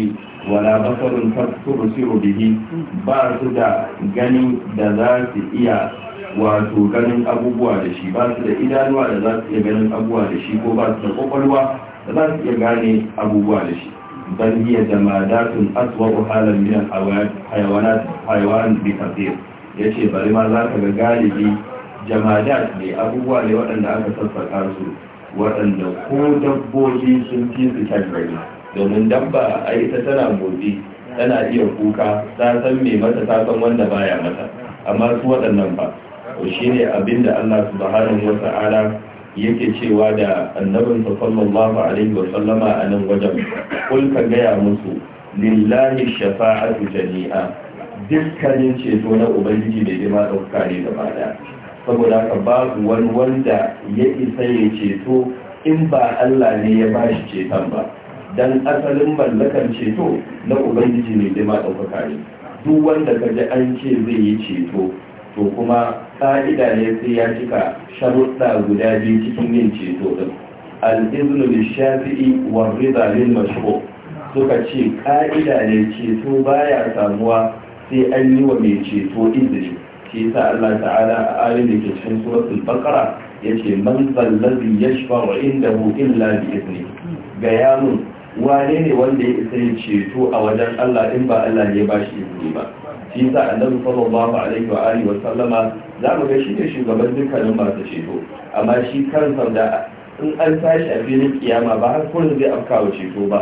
shi wala basarun tubsiru bihi ba su da ganin da za su iya wato ganin abubuwa da shi ba su da idanuwa da za su iya ganin abubuwa da shi ko ba su da kwakwalwa da za su iya gane abubuwa da shi ban iya jamadatun aswa'u halan ko halar hayawanat hayawan bi ya ce bari ma za ka ga galibi jamadat ne abubuwa ne waɗanda aka sassaka su waɗanda ko dabbobi sun fi su kyan domin dabba a ita tana motsi tana iya kuka ta san mai mata ta san wanda baya mata amma su waɗannan ba to shi abin da Allah subhanahu ta'ala yake cewa da annabin sallallahu alaihi wa sallama a nan wajen kul gaya musu lillahi shafa'atu jami'a dukkanin ceto na ubangiji da jima ɗauka ne gaba ɗaya saboda ba babu wani wanda ya isa ya ceto in ba Allah ne ya ba shi ceton ba dan asalin mallakar ceto na ubangiji ne da ɗaukaka ne duk wanda ka ji an ce zai yi ceto to kuma ka'ida ne sai ya cika sharuɗa guda biyu cikin yin ceto din al-iznu lishafi'i wa rida lil mashru suka ce ka'ida ne ceto baya samuwa sai an yi wa mai ceto izini shi yasa Allah ta'ala a ayin da ke cikin suratul baqara yace man zallazi yashfa'u indahu illa bi izni ga yamun wane ne wanda ya isa yin ceto a wajen Allah in ba Allah ne ya ba shi izini ba shi yasa annabi sallallahu alaihi wa alihi wa sallama za mu ga shi ne shugaban dukkanin masu ceto amma shi kansa da in an tashi a filin kiyama ba har kullum zai afka wa ceto ba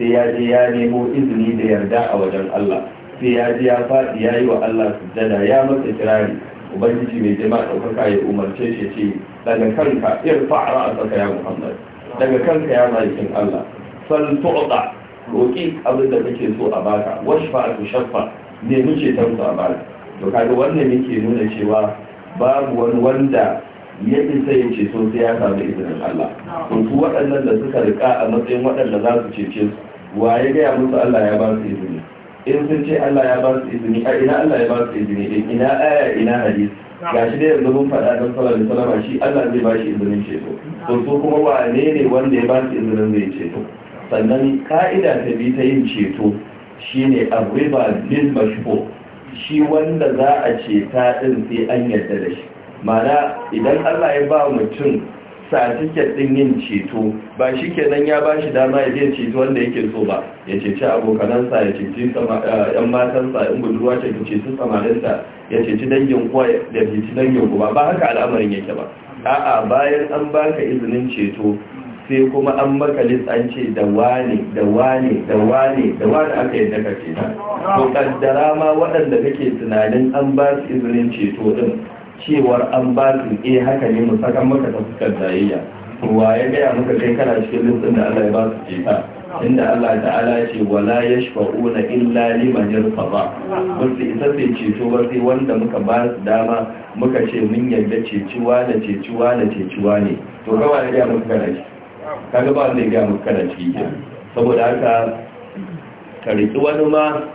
sai ya je ya nemo izini da yarda a wajen Allah sai ya je ya faɗi ya yi wa Allah sujjada ya masa kirari ubangiji mai jama'a ɗaukaka ya umarce shi ce daga kanka irfa ra'asaka ya Muhammad daga kanka ya malikin Allah sal tu'ta roki abinda kake so a baka washfa tu shaffa ne muke tantu a baka to kaga wannan nuna cewa babu wani wanda ya isa ya ceto sai ya samu izinin Allah to su waɗannan da suka rika a matsayin waɗanda za su cece su wa ya gaya musu Allah ya ba su izini in sun ce Allah ya ba su izini a ina Allah ya ba su izini in eh, ina aya ina hadis ga shi dai yanzu mun faɗa don sallar da salama shi Allah zai ba shi izinin ceto to su kuma wane ne wanda ya ba su izinin zai ceto sannan ka'ida ta bi ta yin ceto shi ne a riba bin mashiko shi wanda za a ceta din sai an yadda da shi mana idan Allah ya ba mutum satiket ɗin yin ceto ba shi kenan ya ba shi dama ya je ceto wanda yake so ba ya ceci abokanansa ya ceci eh, yan matansa in budurwa ce ceci samarinta ya ceci dangin kuwa da ceci dangin kuwa ba haka al'amarin yake ba a'a bayan an baka izinin ceto sai kuma an maka an da wane da wane da wane da wane aka yadda ka ce ta to kaddara ma waɗanda kake tunanin an ba su izinin ceto din cewar an ba su eh haka ne mu saka maka ta fuskar zayayya wa ya gaya maka kai kana cikin lissin da Allah ya ba su ceta inda Allah ta'ala ce wala yashfa'una illa liman yarfa ba su isa sai ceto ba sai wanda muka ba su dama muka ce mun yarda ceciwa da ceciwa da ceciwa ne to kawai ya gaya maka kana kaga ba wanda ya gaya muku kana ciki saboda haka ka riki wani ma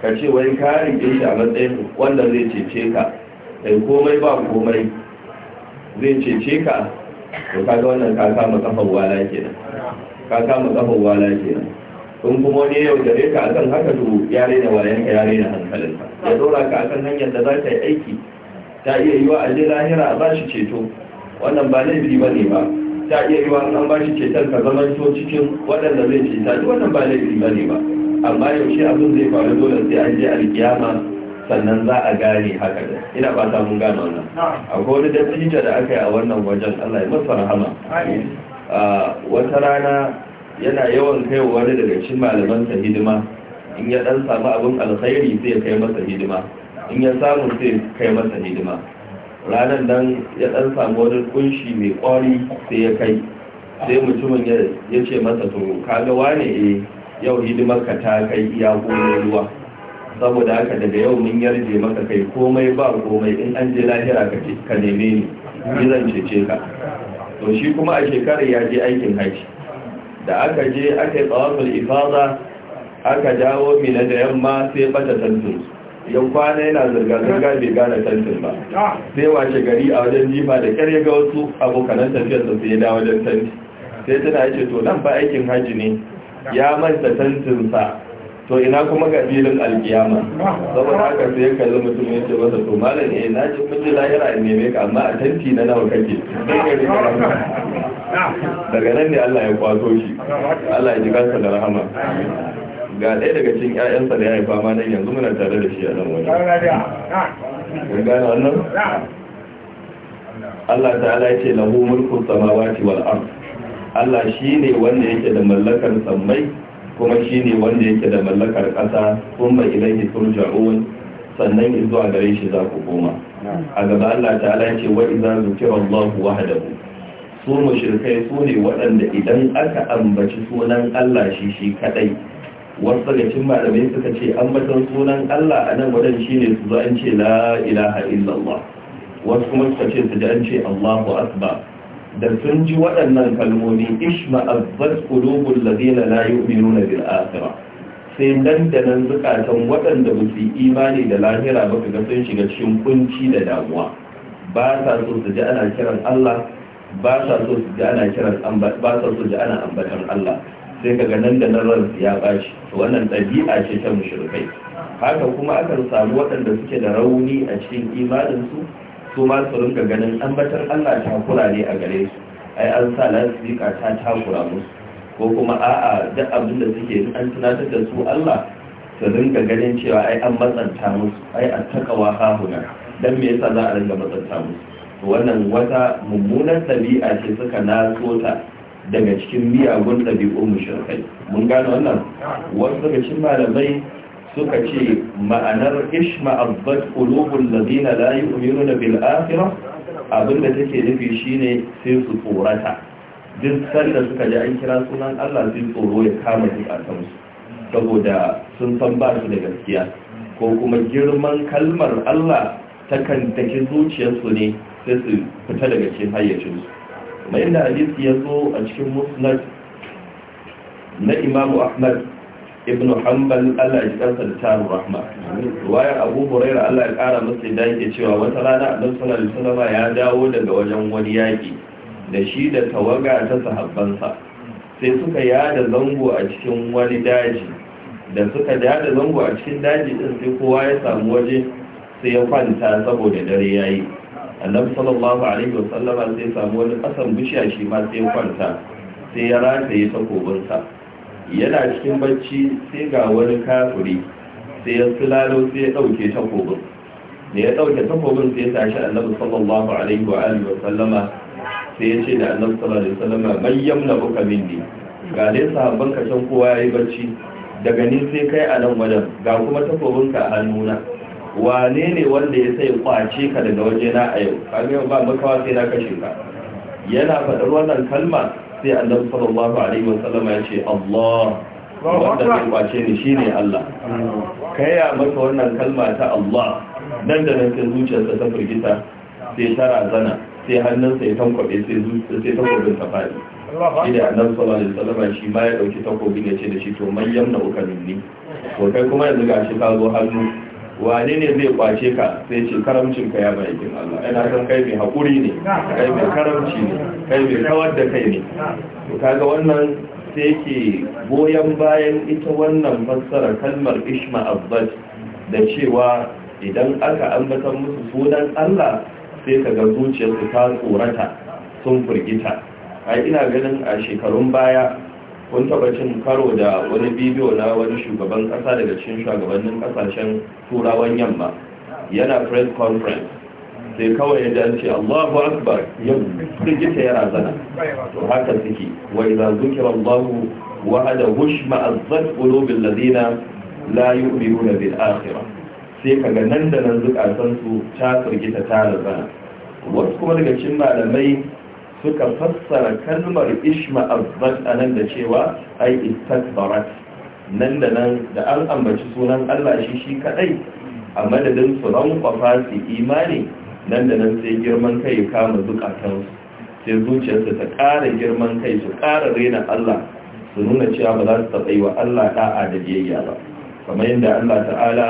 ka ce wai ka rike shi a matsayin wanda zai cece ka sai komai ba komai zai cece ka to kaga wannan ka kama kafar wala kenan ka kama kafar wala kenan kun kuma wani yau da ka akan haka to ya wayan ka ya da hankalinka ya dora ka akan hanyar da za ka yi aiki ta iya yi wa aje lahira a ba shi ceto wannan ba laifi ba ne ba ta iya yi wa an ba shi cetar ka zama to cikin waɗanda zai ta duk wannan ba laifi ba ne ba amma yaushe abin zai faru dole sai an je alkiyama sannan za a gane haka da ina ba ta mun gano wannan akwai wani dattijo da aka yi a wannan wajen Allah ya masa rahama wata rana yana yawan kai wani daga cikin malaman sa hidima in ya dan samu abin alkhairi sai ya kai masa hidima in ya samu sai kai masa hidima ranar nan ya ɗan samu wani kunshi mai kwari sai ya kai sai mutumin ya ce masa to kaga wane e yau hidimar ka ta kai iya gona ruwa saboda haka daga yau mun yarje maka kai komai ba komai in an je lahira ka neme ni zan cece ka to shi kuma a shekarar ya je aikin haji da aka je aka yi tsawafin ifaza aka dawo mina da yamma sai bata tantunsu yan kwana yana zirga-zirga bai gane tantin ba sai washe gari a wajen jima da kyar ya ga wasu abokanan tafiyarsa su yi dawo wajen tanti sai tana ya ce to nan ba aikin hajji ne ya manta sa to ina kuma ga filin alkiyama saboda haka sai kalli mutum ya ce masa to malam eh na ji mun ji lahira in neme ka amma a tanti na nawa kake daga nan ne Allah ya kwato shi Allah ya ji kansa da rahama ga ɗaya daga cikin ƴaƴansa da ya haifa ma nan yanzu muna tare da shi a nan wani kun gane wannan Allah ta'ala ya ce lahu mulkun samawati wal ard Allah shine wanda yake da mallakar sammai kuma shine wanda yake da mallakar ƙasa kuma ilaihi turja'un sannan zuwa gare shi za ku koma a gaba Allah ta'ala ce wa idza zukira Allah wahdahu su mushrikai su ne waɗanda idan aka ambaci sunan Allah shi shi kadai wasu daga cikin malamai suka ce ambatan sunan Allah a nan wadan ne su zo an ce la ilaha illallah wasu kuma suka ce su ji an ce Allahu akbar da sun ji waɗannan kalmomi ishma azzat qulubul ladina la yu'minuna bil akhirah sai nan da nan zukatan waɗanda ba su imani da lahira ba kaga sun shiga cikin kunci da damuwa ba sa so su ji ana kiran Allah ba sa so su ji ana kiran ba sa so su ji ana ambatan Allah sai ka ga nan da nan ran ya bashi to wannan ɗabi'a ce ta mushrikai haka kuma akan samu waɗanda suke da rauni a cikin imanin su su ma su rinka ganin ambatar Allah ta takura ne a gare su ai an sa lasifika ta ta takura musu ko kuma a'a duk abin da suke an tunatar da su Allah su rinka ganin cewa ai an matsanta musu ai a takawa hahuna dan me yasa za a rinka matsanta musu to wannan wata mummunar ɗabi'a ce suka naso ta daga cikin miyagun ɗabi'un mushrikai mun gano wannan wasu daga cikin malamai suka ce ma'anar abbat qulubul ladina la yu'minuna bil akhirah abinda take nufi shine sai su tsorata duk sanda suka ji an kira sunan Allah sai tsoro ya kama su a kansu saboda sun san ba su da gaskiya ko kuma girman kalmar Allah takan take zuciyarsu ne sai su fita daga cikin hayyacinsu kamar hadisi ya zo a cikin musnad na imamu ahmad ibn hanbal allah ya kansa da rahma wayar abu huraira allah ya kara masa da yake cewa wata rana a nan sallallahu ya dawo daga wajen wani yaki da shi da tawaga ta sahabbansa sai suka yada zango a cikin wani daji da suka yada zango a cikin daji din sai kowa ya samu waje sai ya kwanta saboda dare yayi annabi sallallahu alaihi wasallam sai samu wani kasan bishiya shi ma sai kwanta sai ya rataye takobinsa yana cikin bacci sai ga wani kafuri sai ya sulalo sai ya dauke takobin da ya dauke takobin sai ya tashi annabi sallallahu alaihi wa alihi wasallama sai ya ce da annabi sallallahu alaihi wasallama man yamna buka minni ga dai sahabban ka can kowa yayi bacci daga ni sai kai a nan wajen ga kuma takobinka a hannuna wane ne wanda ya sai kwace ka daga waje na a yau kamin ba makawa sai na kashe ka yana faɗar wannan kalma sai annabi sallallahu alaihi wasallam ya ce Allah wanda zai kwace ni shine Allah kai ya maka wannan kalma ta Allah dan da nan sai zuciyarsa ta firgita sai ta razana sai hannunsa ya tankwabe sai zuciyarsa sai tankwabe ta fadi shi da annabi sallallahu alaihi wasallam shi ma ya dauki takobin ya ce da shi to man yamna uka minni to kai kuma yanzu gashi ka zo hannu wane ne zai kwace ka sai ce karamcin ka ya bayakin Allah ina san kai mai haƙuri ne kai mai karamci ne kai mai kawar da kai ne to kaga wannan sai ke goyon bayan ita wannan fassara kalmar ishma abbas da cewa idan aka ambatar musu sunan Allah sai ka ga zuciyarsu ta tsorata sun firgita ai ina ganin a shekarun baya kun taba cin karo da wani bidiyo na wani shugaban kasa daga cikin shugabannin kasashen turawan yamma yana press conference sai kawai ya dace Allahu akbar ya firgita ya razana to haka suke wa su zukira Allahu wa hada hushma azzat qulubil ladina la yu'minuna bil akhirah sai kaga nan da nan zukatan su ta firgita ta razana wasu kuma daga cikin malamai suka fassara kalmar ishma'azzat a nan da cewa ai istakbarat nan da nan da an ambaci sunan allah shi shi kadai a madadin su rankwafa su imani nan da nan sai girman kai kama zukatansu sai zuciyarsu ta ƙara girman kai su ƙara rena allah su nuna cewa ba za su taɓa yi wa allah ɗa'a da biyayya ba kamar yadda allah ta'ala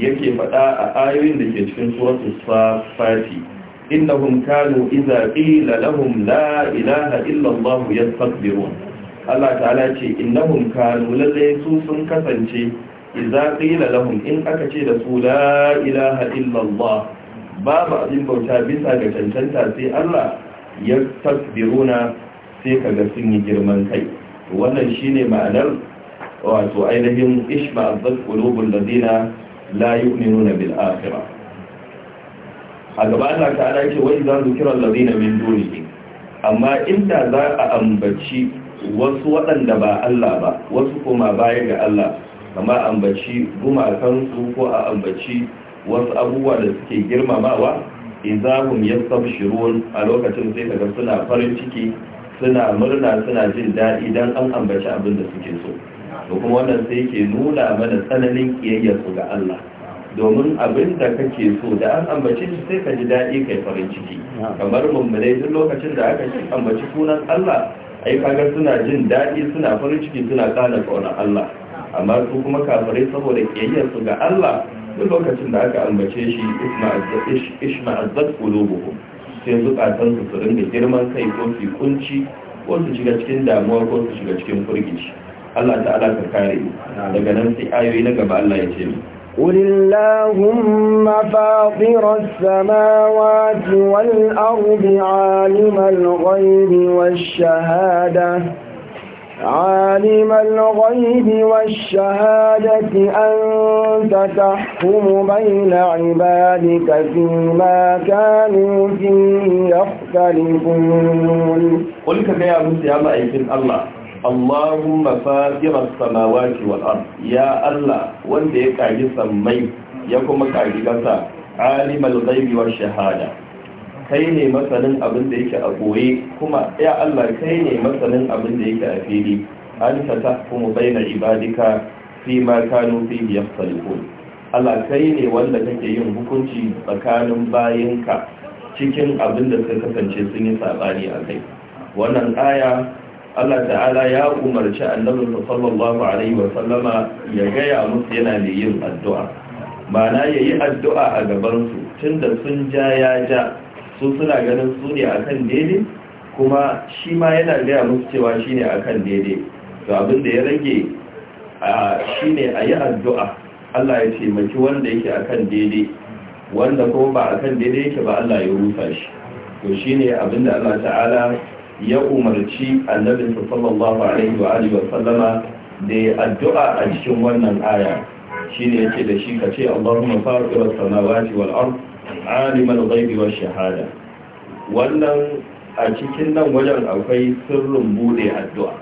yake faɗa a ayoyin da ke cikin suratul safati innahum kanu iza qila lahum la ilaha illa allah yastakbirun Allah ta'ala ce innahum kanu lazai su sun kasance iza qila in aka ce da su la ilaha illa babu abin bauta bisa ga cancanta sai Allah ya na sai ka sun yi girman kai wannan shine ma'anar wato ainihin ishma'a dhulubul ladina la yu'minuna bil akhirah a gaba Allah ala ce wai za su kira min duni amma inda za a ambaci wasu waɗanda ba Allah ba wasu kuma baya ga Allah kama ambaci su ko a ambaci wasu abubuwa da suke girmamawa izahum yastabshirun a lokacin sai kaga suna farin ciki suna murna suna jin daɗi dan an ambaci abin da suke so to kuma wannan sai yake nuna mana tsananin kiyayya ga Allah domin abin da kake so da an ambace shi sai ka ji daɗi kai farin ciki kamar mummunai duk lokacin da aka ci ambaci sunan Allah ai kaga suna jin daɗi suna farin ciki suna tsada ƙaunar Allah amma su kuma kafirai saboda kiyayyar su ga Allah duk lokacin da aka ambace shi isma azzat qulubuhum sai zukatan su su rinda girman kai ko su kunci ko su shiga cikin damuwa ko su shiga cikin furgici Allah ta'ala ka kare daga nan sai ayoyi na gaba Allah ya ce mu قل اللهم فاطر السماوات والأرض عالم الغيب والشهادة عالم الغيب والشهادة أنت تحكم بين عبادك فيما كانوا فيه يختلفون قل كيا يا الله Allahumma fatirar samawati wal ard ya Allah wanda ya kaji sammai ya kuma kaji kasa alimar ghaibi shahada kai ne masanin abin da yake a goye kuma ya Allah kai ne masanin abin da yake a fili an ta ta kuma bayna ibadika fi ma kanu fihi Allah kai ne wanda kake yin hukunci tsakanin bayinka cikin abin da suka kasance sun yi sabani a kai wannan aya Allah ta'ala ya umarci annabi sallallahu alaihi wa sallama ya gaya musu yana da yin addu'a mana yayi addu'a a gabansu su tunda sun ja ya ja su suna ganin su ne akan daidai kuma shi ma yana gaya musu cewa shi ne akan daidai to abin da ya rage a yi addu'a Allah ya taimaki wanda yake akan daidai wanda kuma ba akan daidai yake ba Allah ya rufa shi to shine abin da Allah ta'ala ya umarci annabi sallallahu alaihi wa alihi wa sallama da ya addu'a a cikin wannan aya shine yake da shi kace Allahumma fatir as-samawati wal ard alim al-ghaibi wash shahada wannan a cikin nan wajen akwai sirrin bude addu'a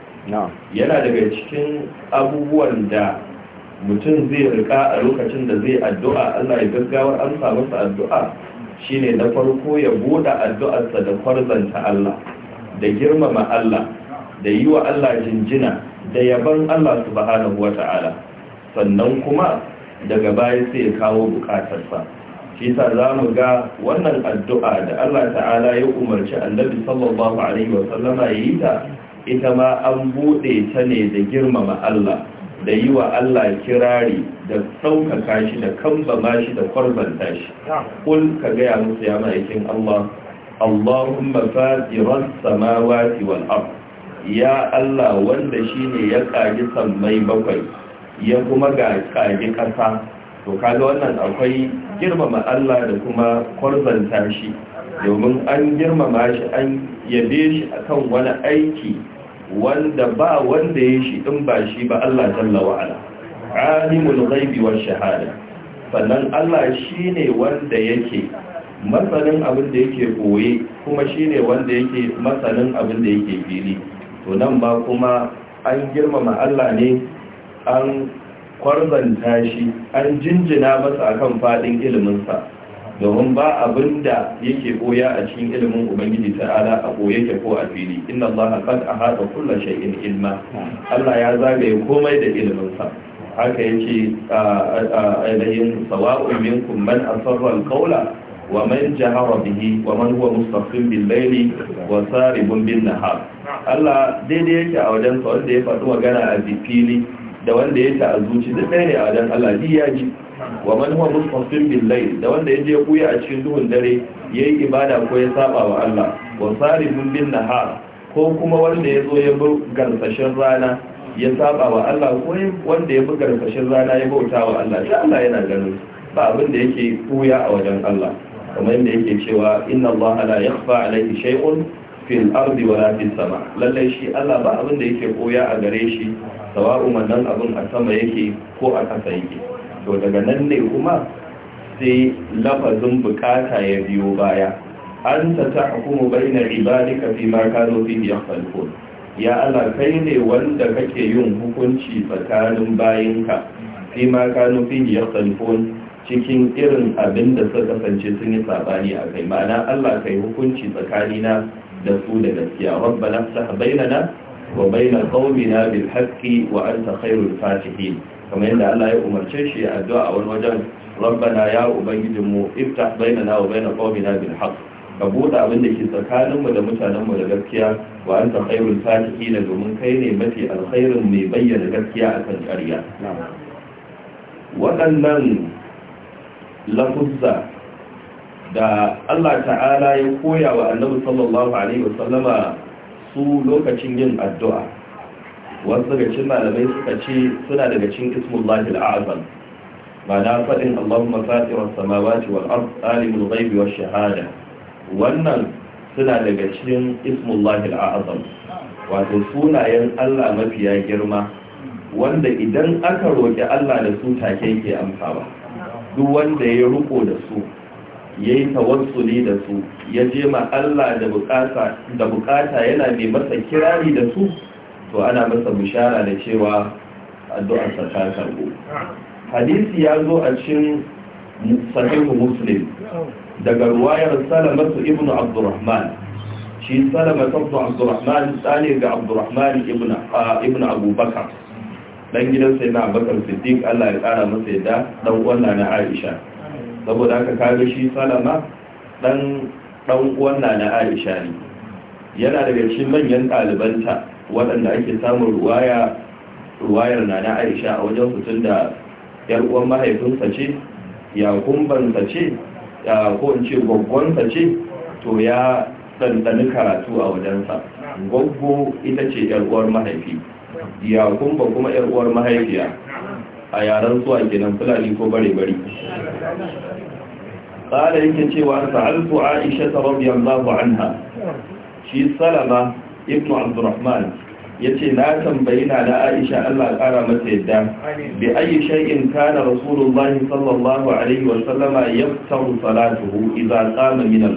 yana daga cikin abubuwan da mutum zai rika a lokacin da zai addu'a Allah ya gaggawa an samu masa addu'a shine na farko ya bude addu'arsa da kwarzanta Allah da girmama Allah da yi wa Allah jinjina da yaban Allah subhanahu wata'ala sannan kuma daga baya sai ya kawo bukatarsa shi sa za mu ga wannan addu'a da Allah ta'ala ya umarci annabi sallallahu alaihi wa sallama yi ta ita ma an buɗe ta ne da girmama Allah da yi wa Allah kirari da sauƙaƙa shi da kambama shi da kwarbanta shi kul ka gaya musu ya ma'aikin Allah Allahumma fatiran samawati wal ard ya Allah wanda shine ya kage sammai bakwai ya kuma ga kage kasa to kaga wannan akwai girmama Allah da kuma kwarzanta shi domin an girmama shi an yabe shi akan wani aiki wanda ba wanda ya shi din ba shi ba Allah jalla wa ala alimul ghaibi wash shahada sannan Allah shine wanda yake masanin abin da yake koye kuma shine wanda yake masanin abin da yake fili to nan ba kuma an girmama Allah ne an kwarzanta shi an jinjina masa akan fadin iliminsa domin ba abin da yake koya a cikin ilimin ubangiji ta'ala a koye ke ko a fili inna Allah kan ahata kullu shay'in ilma Allah ya zagaye komai da iliminsa haka yake a ainihin sawa'un minkum man asarra al-qawla ومن جهر به ومن هو مستقيم بالليل وسارب بالنهار Allah daidai yake a wajen sa wanda ya faɗi magana a fili da wanda yake a zuci da dai ne a wajen Allah ji ya ji wa man huwa mustaqim bil layl da wanda je kuya a cikin duhun dare yayi ibada ko ya saba wa Allah wa saribun bin nahar ko kuma wanda ya zo ya bi garsashin rana ya saba wa Allah ko wanda ya bi garsashin rana ya bauta wa Allah shi Allah yana ganin ba abin da yake kuya a wajen Allah kamar da yake cewa inna Allah la yakhfa alayhi shay'un fil ardi wala fis sama lalle shi Allah ba abin da yake koya a gare shi sawa'u wannan abin a sama yake ko a ƙasa yake to daga nan ne kuma sai lafazin bukata ya biyo baya an ta tahkumu baina ibadika fi ma kanu fihi yakhtalifun ya Allah kai ne wanda kake yin hukunci tsakanin bayinka fi ma kanu fihi yakhtalifun cikin irin abin da suka kasance sun yi sabani a kai ma'ana Allah kai hukunci tsakanina da su da gaskiya rabbana sah bainana wa bainal qaumina bil haqqi wa anta khairul fatihin kamar yadda Allah ya umarce shi addu'a a wani wajen rabbana ya ubangijinmu iftah bainana wa bainal qaumina bil haqq ka buɗe abin da ke tsakaninmu da mutanenmu da gaskiya wa an ta khairul fatihina domin kai ne mafi alkhairin mai bayyana gaskiya a akan ƙarya waɗannan lafuzza da Allah ta'ala ya koya wa annabi sallallahu alaihi wasallama su lokacin yin addu'a wasu daga cikin malamai suka ce suna daga cikin ismullahi al'azam ma'ana faɗin Allahumma fatirar samawati wal ard alimul ghaibi wash shahada wannan suna daga cikin ismullahi al'azam wato sunayen Allah mafiya girma wanda idan aka roƙi Allah da su take yake amsawa duk wanda ya ruko da su ya yi tawassuli da su ya je ma Allah da bukata yana mai masa kirari da su to ana masa bishara da cewa addu'arsa ta ku. hadisi ya zo a cikin sahihu muslim daga ruwayar salamatu ibnu abdurrahman shi salamatu ibnu abdurrahman tsane ga abdurrahman ibnu ah, abubakar dan gidan sai na bakar siddiq allah ya kara masa yadda dan uwan na aisha saboda haka kaga shi salama dan dan uwan na aisha ne yana daga cikin manyan ɗalibanta waɗanda ake samun ruwaya ruwayar na na aisha a wajen su da yar uwan mahaifinsa ce ya ce ya ko in ce gwaggwansa ce to ya ɗanɗani karatu a wajensa goggo ita ce yar uwar mahaifi ya kumba kuma yar uwar mahaifiya a yaren zuwa gidan fulani ko bare bare qala yake cewa sa'altu aisha radiyallahu anha shi salama ibnu abdurrahman yace na tambayi na da Aisha Allah kara mata yadda bi ayi shay'in kana rasulullahi sallallahu alaihi wa sallama yaftaru salatuhu idza qama min al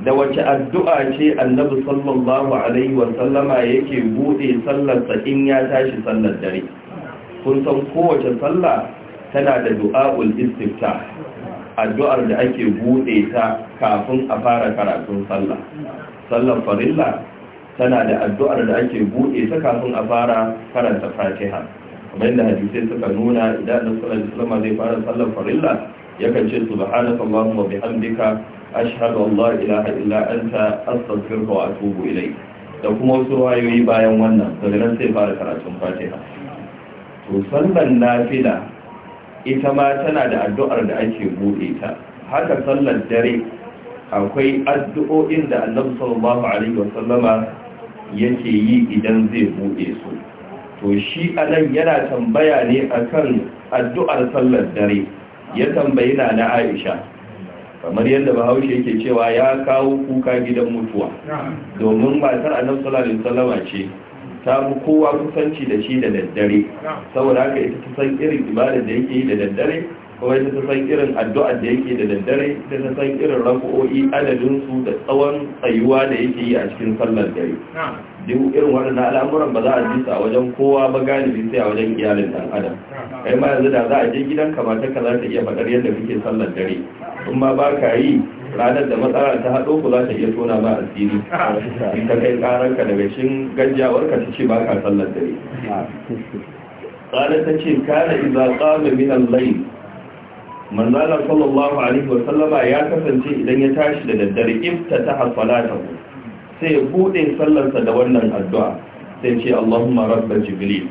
da wace addu'a ce annabi sallallahu alaihi wasallama yake buɗe sallarsa in ya tashi sallar dare kun san kowace sallah tana da du'a'ul istifta addu'ar da ake buɗe ta kafin a fara karatun sallah sallar farilla tana da addu'ar da ake buɗe ta kafin a fara karanta fatiha kamar yadda hadisai suka nuna idan da Sallar alaihi zai fara sallar farilla yakan ce subhanakallahumma bihamdika أشهد الله إله إلا أنت أستغفرك وأتوب إليك da kuma wasu wayoyi bayan wannan daga nan sai fara karatun fatiha to sallan nafila ita ma tana da addu'ar da ake buɗe ta haka sallar dare akwai addu'o'in da annabi sallallahu alaihi wasallama yake yi idan zai buɗe su to shi anan yana tambaya ne akan addu'ar sallar dare ya tambayi na na Aisha kamar yadda bahaushe yake cewa ya kawo kuka gidan mutuwa domin matar a sallallahu salama ce ta fi kowa kusanci da shi da daddare saboda haka ita ta san irin ibadar da yake yi da daddare kawai ta san irin addu'a da yake da daddare ta san irin rako'o'i adadinsu da tsawon tsayuwa da yake yi a cikin sallar dare duk irin waɗannan al'amuran ba za a bisa wajen kowa ba galibi sai a wajen iyalin ɗan adam kai ma yanzu da za a je gidan ka mata ka za ta iya faɗar yadda kuke sallar dare in ma ba ka yi ranar da matsala ta haɗo ku za ta iya tona ba asiri in ka kai ƙaranka daga shin gajiyawar ka ta ce ba ka sallar dare ƙarar ta ce kana iza ƙama min al manzala sallallahu alaihi wasallama ya kasance idan ya tashi da daddare ifta ta hasalatahu sai ya bude sallarsa da wannan addu'a sai ce Allahumma rabba jibril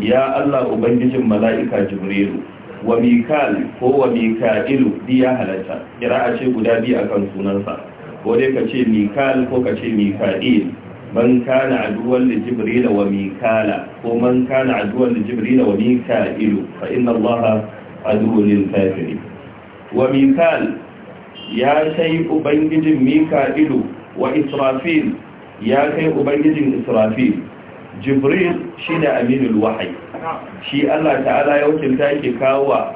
ya Allah ubangijin mala'ika jibrilu wa mikal ko wa mika'ilu biya halatta a ce guda biyu akan sunansa ko dai ka ce mikal ko ka ce mika'il man kana aduwar da Jibril wa mikala ko man kana aduwar da jibril wa mika'ilu fa inna Allah adu lil wa mikal ya kai ubangijin mika'ilu wa israfil ya kai ubangijin israfil jibril shi ne aminul wahayi shi allah ta'ala ya wakilta ke kawo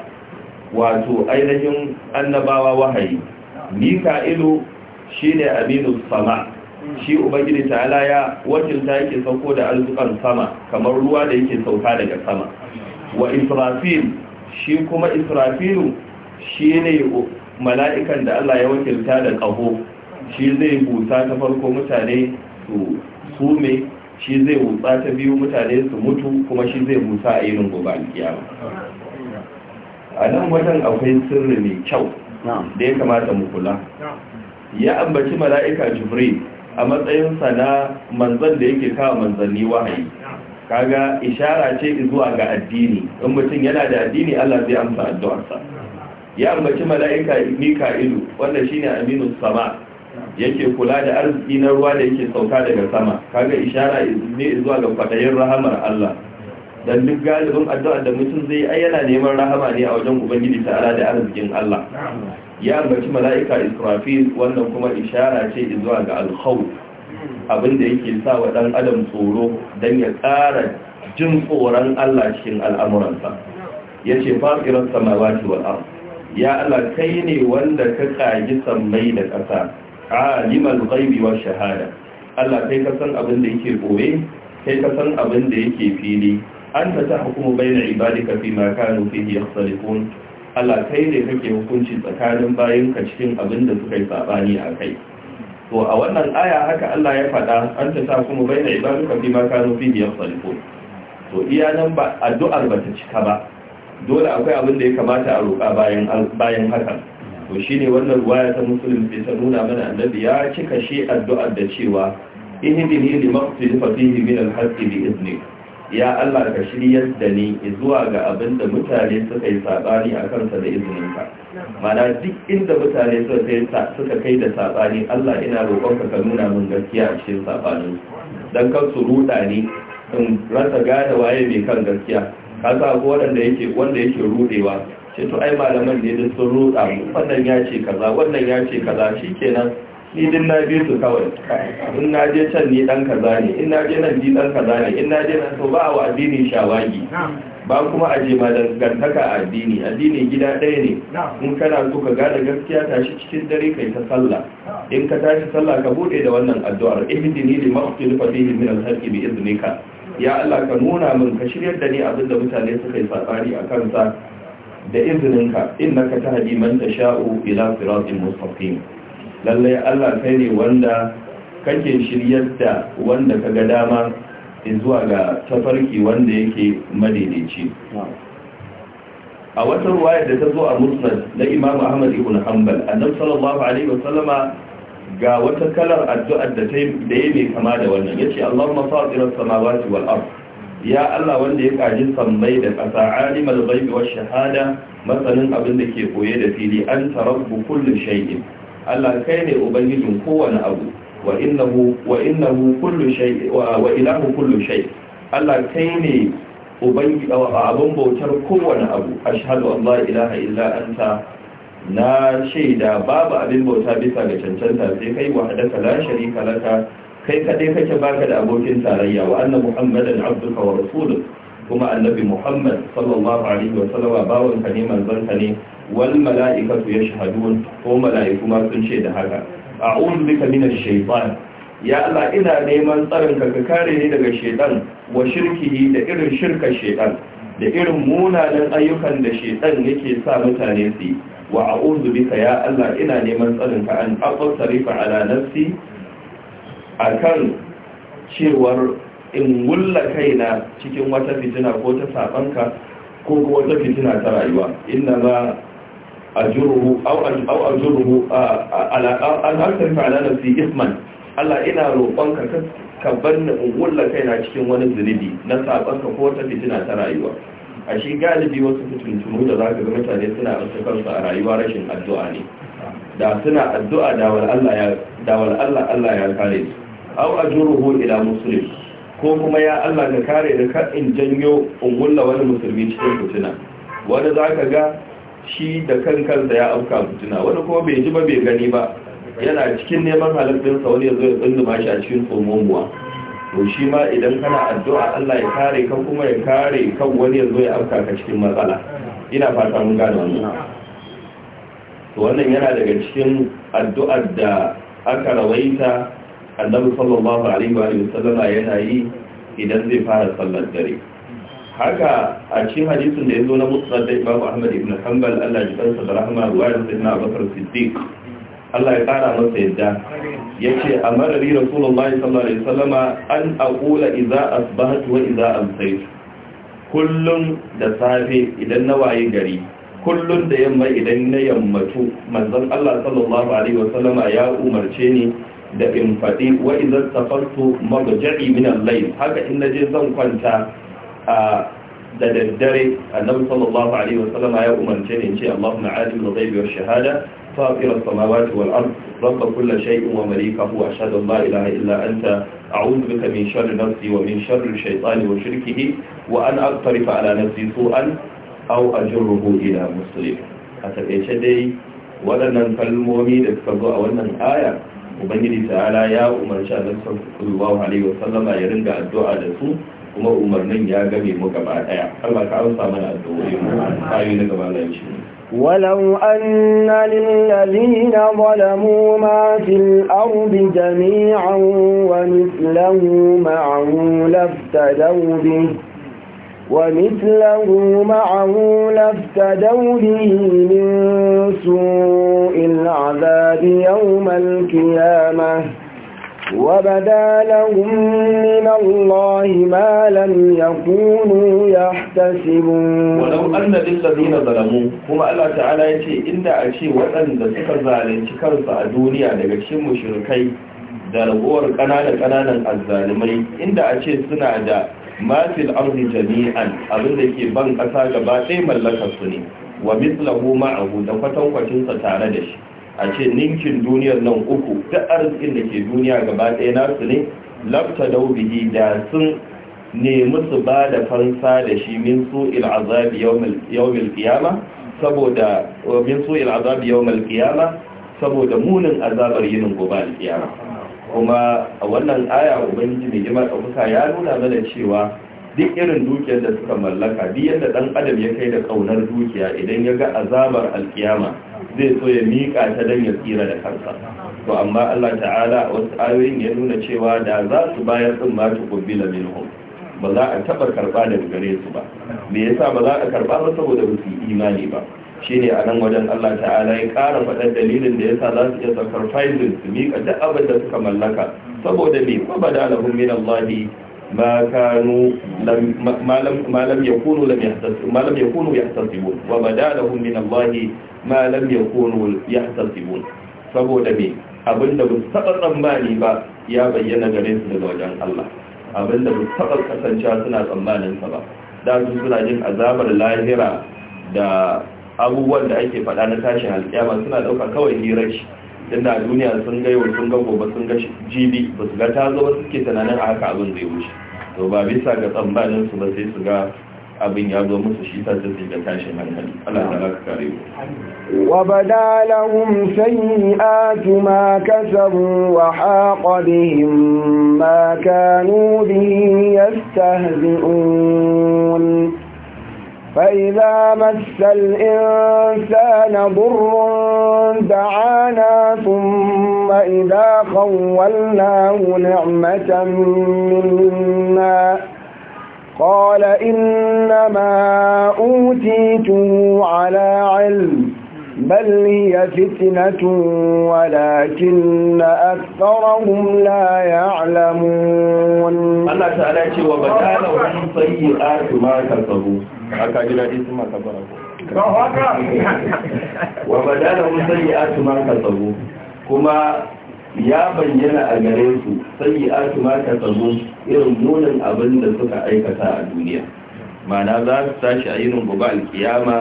wato ainihin annabawa wahayi mika'ilu shi ne aminul sama shi Ubangijin ta'ala ya wakilta ke sauko da arzukan sama kamar ruwa da yake sauka daga sama wa israfil shi kuma israfilu shi ne mala'ikan da Allah ya wakilta da ƙaho shi zai busa ta farko mutane su sume shi zai wutsa ta biyu mutane su mutu kuma shi zai busa a irin gobe alkiyama a nan wajen akwai sirri mai kyau da ya kamata mu kula ya ambaci mala'ika jibril a matsayinsa na manzan da yake kawo manzanni wahayi kaga ishara ce zuwa ga addini in mutum yana da addini Allah zai amsa addu'arsa ya ambaci mala'ika mika'ilu wanda shine aminu sama yake kula da arziki na ruwa da yake sauka daga sama kaga ishara ne zuwa ga kwadayin rahamar Allah dan duk galibin addu'ar da mutum zai yi yana neman rahama ne a wajen ubangiji ta'ala da arzikin Allah ya ambaci mala'ika israfil wannan kuma ishara ce zuwa ga al-khawf abinda yake sa wa dan adam tsoro dan ya ƙara jin tsoron Allah cikin al'amuransa yace fasirar samawati wal ard ya Allah kai ne wanda ka kaji sammai da ƙasa aa ghaibi wa shahada Allah kai ka san abin da yake boye kai ka san abin da yake fili anta tahkumu bayna ibadika fi ma kanu ya yakhtalifun Allah kai ne kake hukunci tsakanin ka cikin abin da suka yi sabani a kai to a wannan aya haka Allah ya faɗa an ta sa kuma bai na ibaduka fi maka kanu fi biyar to iya nan ba addu'ar ba ta cika ba dole akwai abin da ya kamata a roƙa bayan bayan haka to shine wannan ruwaya ta musulun bai ta nuna mana annabi ya cika shi addu'ar da cewa ihdini limaghfirati fihi min al-haqqi bi ya Allah ka shiryar da ni zuwa ga abin da mutane suka yi saɓani a kansa da izininka mana duk inda mutane suka kai da saɓani Allah ina roƙonka ka nuna min gaskiya a cikin saɓanin don kan su ruɗa ni in rasa gane waye mai kan gaskiya ka sa ko wanda yake wanda yake ruɗewa ce to ai malaman ne duk sun ruɗa wannan ya ce kaza wannan ya ce kaza shikenan ni din na bi su kawai in na je can ni dan kaza ne in na je nan ni dan kaza ne in na je nan to ba wa addini shawagi ba kuma aje ma dangantaka a addini addini gida ɗaya ne in kana so ka gane gaskiya tashi cikin dare kai ta sallah in ka tashi sallah ka bude da wannan addu'ar ihdini li maqtil fatihi min al-haqqi bi idnika ya Allah ka nuna min ka shiryar da ni abin mutane suka yi sabani a kansa da izininka innaka tahdi man tasha'u ila siratin mustaqim lallai Allah kai ne wanda kake shiryar da wanda ka ga dama zuwa ga tafarki wanda yake madaidaici a wata ruwaya da ta zo a musnad na imam ahmad ibn hanbal annab sallallahu alaihi wa sallama ga wata kalar addu'ar da ta da yake kama da wannan yace allahumma fatir as-samawati wal ard ya allah wanda ya kaji sammai da kasa alimul ghaibi wash shahada masanin abin da ke koye da fili anta rabbu kulli shay'in Allah kai ne ubangijin kowane abu wa innahu wa innahu kullu shay wa ilahu kullu shay Allah kai ne ubangi abun bautar kowane abu ashhadu an la ilaha illa anta na shaida babu abin bauta bisa ga cancanta sai kai wahdaka la sharika laka kai kadai kake baka da abokin tarayya wa anna muhammadan abduka wa rasuluka kuma annabi muhammad sallallahu alaihi wasallama bawon ka ne manzon ka ne wal ya shahadu ko mala'iku ma sun ce da haka a'udhu bika ya Allah ina neman tsarin ka ka kare ni daga shaitan wa shirkihi da irin shirka shaitan da irin munanan ayyukan da shaitan yake sa mutane su yi wa a'udhu bika ya Allah ina neman tsarin ka an aqsarifa ala nafsi akan cewar in wulla kaina cikin wata fitina ko ta sabanka ko kuma wata fitina ta rayuwa inna ma ajruhu aw aw ajruhu ala an hakka ala nafsi isman Allah ina roƙonka ka ka ni in wulla kaina cikin wani zunubi na sabanka ko wata fitina ta rayuwa a shi galibi wasu fitintunu da zaka ga mutane suna rasa kansu a rayuwa rashin addu'a ne da suna addu'a da wal Allah ya da wal Allah Allah ya kare su aw ajruhu ila muslim ko kuma ya Allah ka kare da ka in janyo in wani musulmi cikin fitina wani za ka ga shi da kan kansa ya auka fitina wani kuma bai ji ba bai gani ba yana cikin neman halittinsa wani ya zo ya tsunduma shi a cikin tsomomuwa to shi ma idan kana addu'a Allah ya kare ka kuma ya kare kan wani ya zo ya auka ka cikin matsala ina fata mun gane wannan to wannan yana daga cikin addu'ar da aka rawaita annabi sallallahu alaihi wa sallama yana yi idan zai fara sallar dare haka a cikin hadisin da ya zo na musnad da Imam Ahmad ibn Hanbal Allah ya kansa da rahama ruwayar Sayyidina Bakar Siddiq Allah ya kara masa yadda yace amara li Rasulullah sallallahu alaihi wasallama an aqula idza asbahtu wa idza amsaytu kullum da safe idan na waye gari kullum da yamma idan na yammatu manzon Allah sallallahu alaihi wasallama ya umarce ni da in faɗi wa idan tafarto magajari min allai haka in na je zan kwanta a da daddare annabi sallallahu alaihi wa sallama ya umarce ne ce Allahumma alim wa ghaibi wa shahada fa'ir as-samawati wal ard rabb kulli shay'in wa malikahu wa ashhadu an la ilaha illa anta a'udhu bika min sharri nafsi wa min sharri shaytani wa shirkihi wa an aqtarifa ala nafsi su'an aw ajruhu ila muslim a take dai waɗannan kalmomi da suka zo a wannan aya ubangiji ta'ala ya umarci annabi sallallahu alaihi wasallama ya ringa addu'a da su kuma umarnin ya game mu gaba daya Allah ka amsa mana addu'o'i mu ayi na gaba Allah shi ولو أن للذين ظلموا ما في الأرض جميعا ومثله معه لافتدوا به ومثله معه لافتدوا به من سوء العذاب يوم القيامة وبدا لهم من الله ما لم يكونوا يحتسبون ولو أن للذين ظلموا كما الله تعالى يتي إن أشي وأن ذلك ذلك كرس أدوني على كشي مشركي da ragowar ƙananan ƙananan azzalimai inda a ce suna da ma fil ardi jami'an abin ke ban kasa gaba ɗaya mallakar su ne wa mithlahu ma'ahu da kwatankwacinsa tare da shi a ce ninkin duniyar nan uku ta arzikin da ke duniya gaba ɗaya nasu ne labta daubihi da sun nemi su ba da fansa da shi min su'il azabi yawmil qiyama saboda min qiyama saboda munin azabar yinin gobe al-qiyama kuma a wannan aya ubangiji mai jima ɗaukaka ya nuna mana cewa duk irin dukiyar da suka mallaka duk yadda ɗan adam ya kai da ƙaunar dukiya idan ya ga azabar alkiyama zai so ya miƙa ta don ya tsira da kansa to amma Allah ta'ala a wasu ayoyin ya nuna cewa da za su bayar sun ma tukubbila minhum ba za a taɓa karɓa daga gare su ba me yasa ba za a karɓa ba saboda ba su imani ba Shi ne a nan wajen Allah ta'ala ya ƙara faɗar dalilin da yasa za su iya sacrificing su miƙa duk abin da suka mallaka saboda me ko bada lahum min Allah ma kanu kunu lam yakunu lam yahtasibu ma lam yakunu yahtasibun wa bada lahum min Allah ma lam yakunu yahtasibun saboda me abinda ba su taɓa tsammani ba ya bayyana gare su daga wajen Allah abinda ba su taɓa kasancewa suna tsammaninsa ba da su suna jin azabar lahira da abubuwan da ake faɗa na tashin alkiyama suna ɗauka kawai hirar shi inda a duniya sun ga yau sun ga gobe sun ga jibi ba su ga ta zo ba suke tunanin a haka abin zai wuce to ba bisa ga tsammanin su ba sai su ga abin ya zo musu shi ta sai ga tashin hankali Allah ya laka kare mu wa badalahum sayyi'atu ma kasabu wa haqa bihim ma kanu bi yastahzi'un فإذا مس الإنسان ضر دعانا ثم إذا خولناه نعمة منا قال إنما أوتيته على علم بل هي فتنة ولكن أكثرهم لا يعلمون الله تعالى وبدالهم سيئات ما كتبوا. aka ji sun maka wa mun kuma ya bayyana a gare su sayyi'atu ma tsaro irin munin abin da suka aikata a duniya mana za su tashi a yinin gaba alkiyama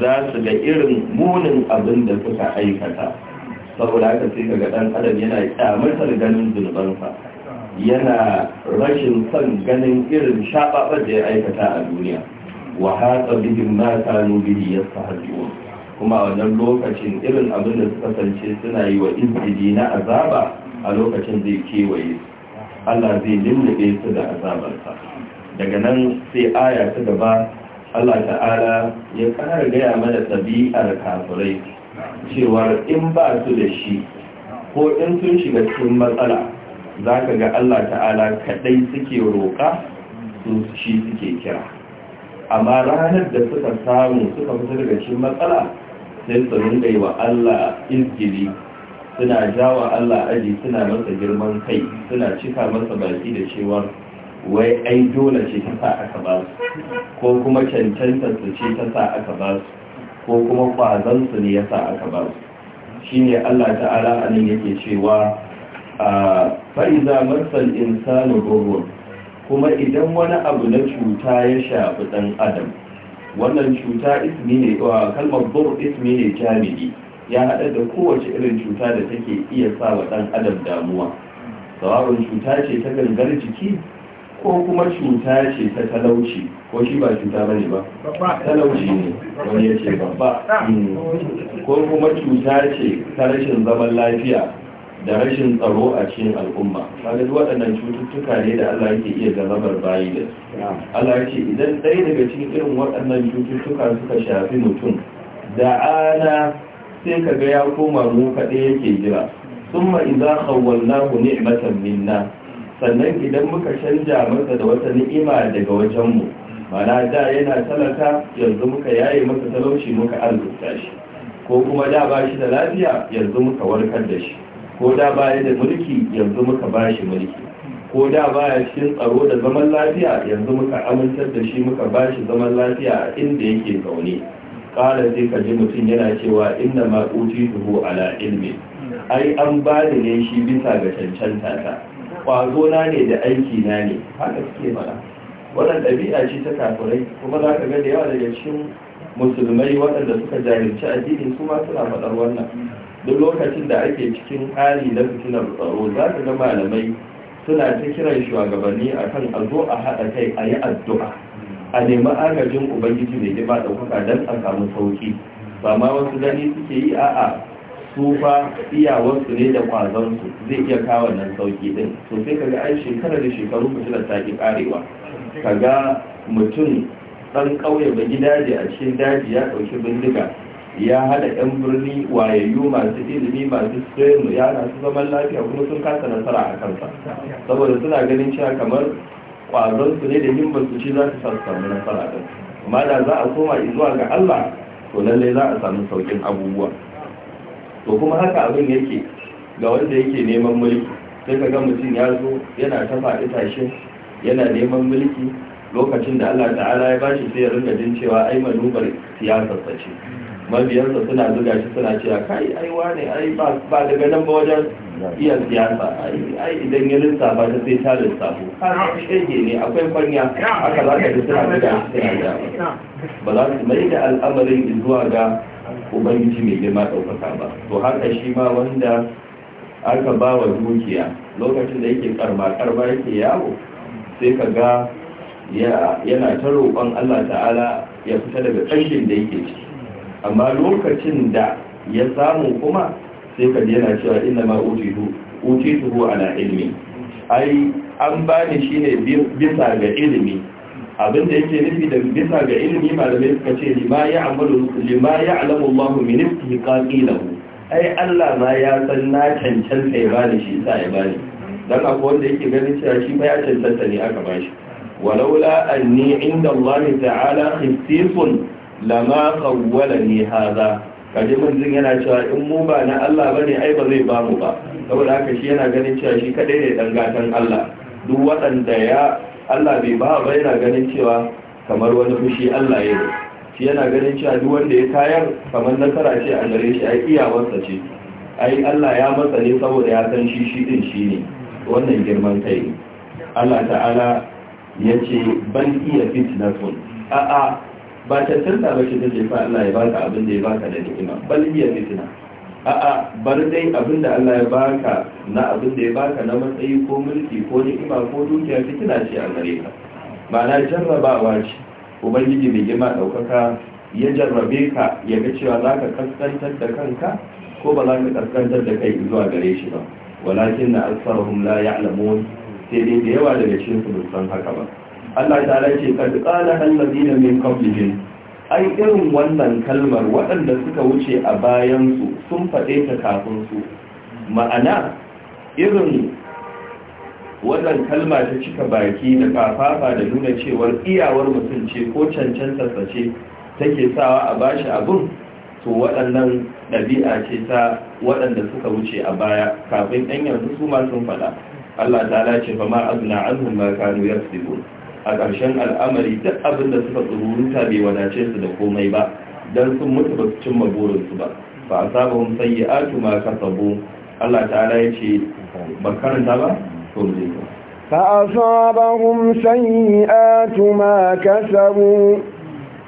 za su ga irin munin abin da suka aikata saboda haka sai ga dan adam yana kyamatar ganin zunubansa yana rashin son ganin irin shaɓaɓar da ya aikata a duniya wa haɗa bihin ya sa bihi yastahzi'un kuma a wannan lokacin irin abin da suka kasance suna yi wa izini na azaba a lokacin zai kewaye Allah zai limlibe su da azabarsa daga nan sai aya ta gaba Allah ta'ala ya kara gaya mana ɗabi'ar kafirai cewar in ba su da shi ko in sun shiga cikin matsala za ka ga Allah ta'ala kaɗai suke roƙa su shi suke kira amma ranar da suka samu suka fita daga cikin matsala sai su rinda yi wa Allah izgiri suna jawa Allah aji suna masa girman kai suna cika masa baki da cewa wai ai dole ce ta sa aka ba su ko kuma cancanta su ce ta sa aka ba su ko kuma kwazon su ne ya sa aka ba su shine Allah ta'ala anan yake cewa a fa'iza masal insanu ghurur kuma idan wani abu na cuta ya shafi dan adam wannan cuta ismi ne kalmar bur ismi ne jami'i ya haɗa da kowace irin cuta da take iya sa wa ɗan adam damuwa sauraron cuta ce ta gangar jiki ko kuma cuta ce ta talauci ko shi ba cuta ba ba talauci ne wani ya ce babba hmm. ko kuma cuta ce ta rashin zaman lafiya da rashin tsaro a cikin al'umma kaga duk waɗannan cututtuka ne da Allah yake iya zama bayi da Allah yake idan ɗaya daga cikin irin waɗannan cututtuka suka shafi mutum da ana sai kaga ya koma mu kaɗai yake jira summa idza khawwalnahu ni'matan minna sannan idan muka canja masa da wata ni'ima daga wajen mu mana da yana talaka yanzu muka yaye masa talauci muka arzuta shi ko kuma da ba shi da lafiya yanzu muka warkar da shi ko da baya da mulki yanzu muka ba shi mulki ko da baya cikin tsaro da zaman lafiya yanzu muka amintar da shi muka ba shi zaman lafiya a inda yake zaune kala sai ka ji mutum yana cewa inna ma duhu ala ilmi ai an ba da ne shi bisa ga cancanta ta kwazo na ne da aiki na ne haka suke mana wannan ɗabi'a ce ta kafirai kuma za ka ga da yawa daga cikin musulmai waɗanda suka jahilci addini su ma suna faɗar wannan duk lokacin da ake cikin hali na fitinar tsaro za su ga malamai suna ta kiran shugabanni a kan a zo a haɗa kai a yi addu'a a nemi agajin ubangiji mai gaba ɗaukaka don a samu sauki ba ma wasu gani suke yi a'a su fa iyawarsu ne da kwazonsu zai iya kawo nan sauki din. to sai kaga ai shekara da shekaru fitilar ta ki karewa kaga mutum ɗan ƙauye ba ne a cikin daji ya ɗauki bindiga ya hada yan birni wayayyu masu ilimi masu sirrin ya na su zaman lafiya kuma sun kasa nasara a kansa saboda suna ganin cewa kamar kwazon su ne da yin basu ci za su samu nasara din amma da za a koma zuwa ga Allah to lallai za a samu saukin abubuwa to kuma haka abin yake ga wanda yake neman mulki sai ka ga mutum ya zo yana ta faɗi yana neman mulki lokacin da Allah ta'ala ya bashi sai ya rinka jin cewa ai manubar siyasar ce mabiyansa suna zuga shi suna cewa kai ai wane ai ba daga nan ba wajen iya siyasa ai idan ya lissafa ta sai ta lissafo shege ne akwai kwanya aka za ka ji suna zuga suna da ba za su mai da al'amarin zuwa ga ubangiji mai girma ɗaukaka ba to haka shi ma wanda aka ba wa dukiya lokacin da yake karba karba yake yawo sai ka ga yana ta roƙon Allah ta'ala ya fita daga ƙashin da yake ciki amma lokacin da ya samu kuma sai ka yana cewa inna ma utitu utituhu ala ilmi ai an bani ne bisa ga ilimi Abinda yake nufi da bisa ga ilimi malamai suka ce lima ya amalu lima ya alamu Allah min istihqaqilahu ai Allah ma ya san na cancanta ya bani shi sa ya bani dan akwai wanda yake ganin cewa shi fa ya cancanta ne aka bashi walaula anni inda Allah ta'ala khistisun lama kawwala ne haza kaji manzin yana cewa in mu ba na Allah ba ne ai ba zai ba mu ba saboda haka shi yana ganin cewa shi kadai ne dan gatan Allah duk waɗanda ya Allah bai ba ba yana ganin cewa kamar wani fushi Allah ya yi shi yana ganin cewa duk wanda ya tayar kamar nasara ce a gare shi ai iyawarsa ce ai Allah ya matsa ne saboda ya san shi shi din shi ne wannan girman kai Allah ta'ala ya ce ban iya fitnatun a'a ba cancanta ba shi take fa Allah ya baka abin da ya baka da ni'ima bal hiya a a'a bar dai abin da Allah ya baka na abin da ya baka na matsayi ko mulki ko ni'ima ko dukiya fitina ce a gare ka ma'ana jarrabawa shi ubangiji mai girma ɗaukaka ya jarrabe ka ya ga cewa za ka kaskantar da kanka ko ba za ka kaskantar da kai zuwa gare shi ba walakin na asfarhum la ya'lamun sai dai da yawa daga cikin su san haka ba Allah ta ce kad qala allazina min qablihim ai irin wannan kalmar waɗanda suka wuce a bayan su sun faɗe ta kafin su ma'ana irin wannan kalma ta cika baki da kafafa da nuna cewar iyawar mutum ce ko cancantarsa ce take sawa a bashi abun to waɗannan ɗabi'a ce ta waɗanda suka wuce a baya kafin ɗan yanzu su ma sun faɗa Allah ta ce fa ma azna anhum ma kanu su. a ƙarshen al'amari duk abin da suka tsururuta bai wadace su da komai ba don sun mutu ba su cimma burinsu ba ba a saba hun a tuma ka sabo. Allah ya ce ba karanta ba to mu je فأصابهم سيئات ما كسبوا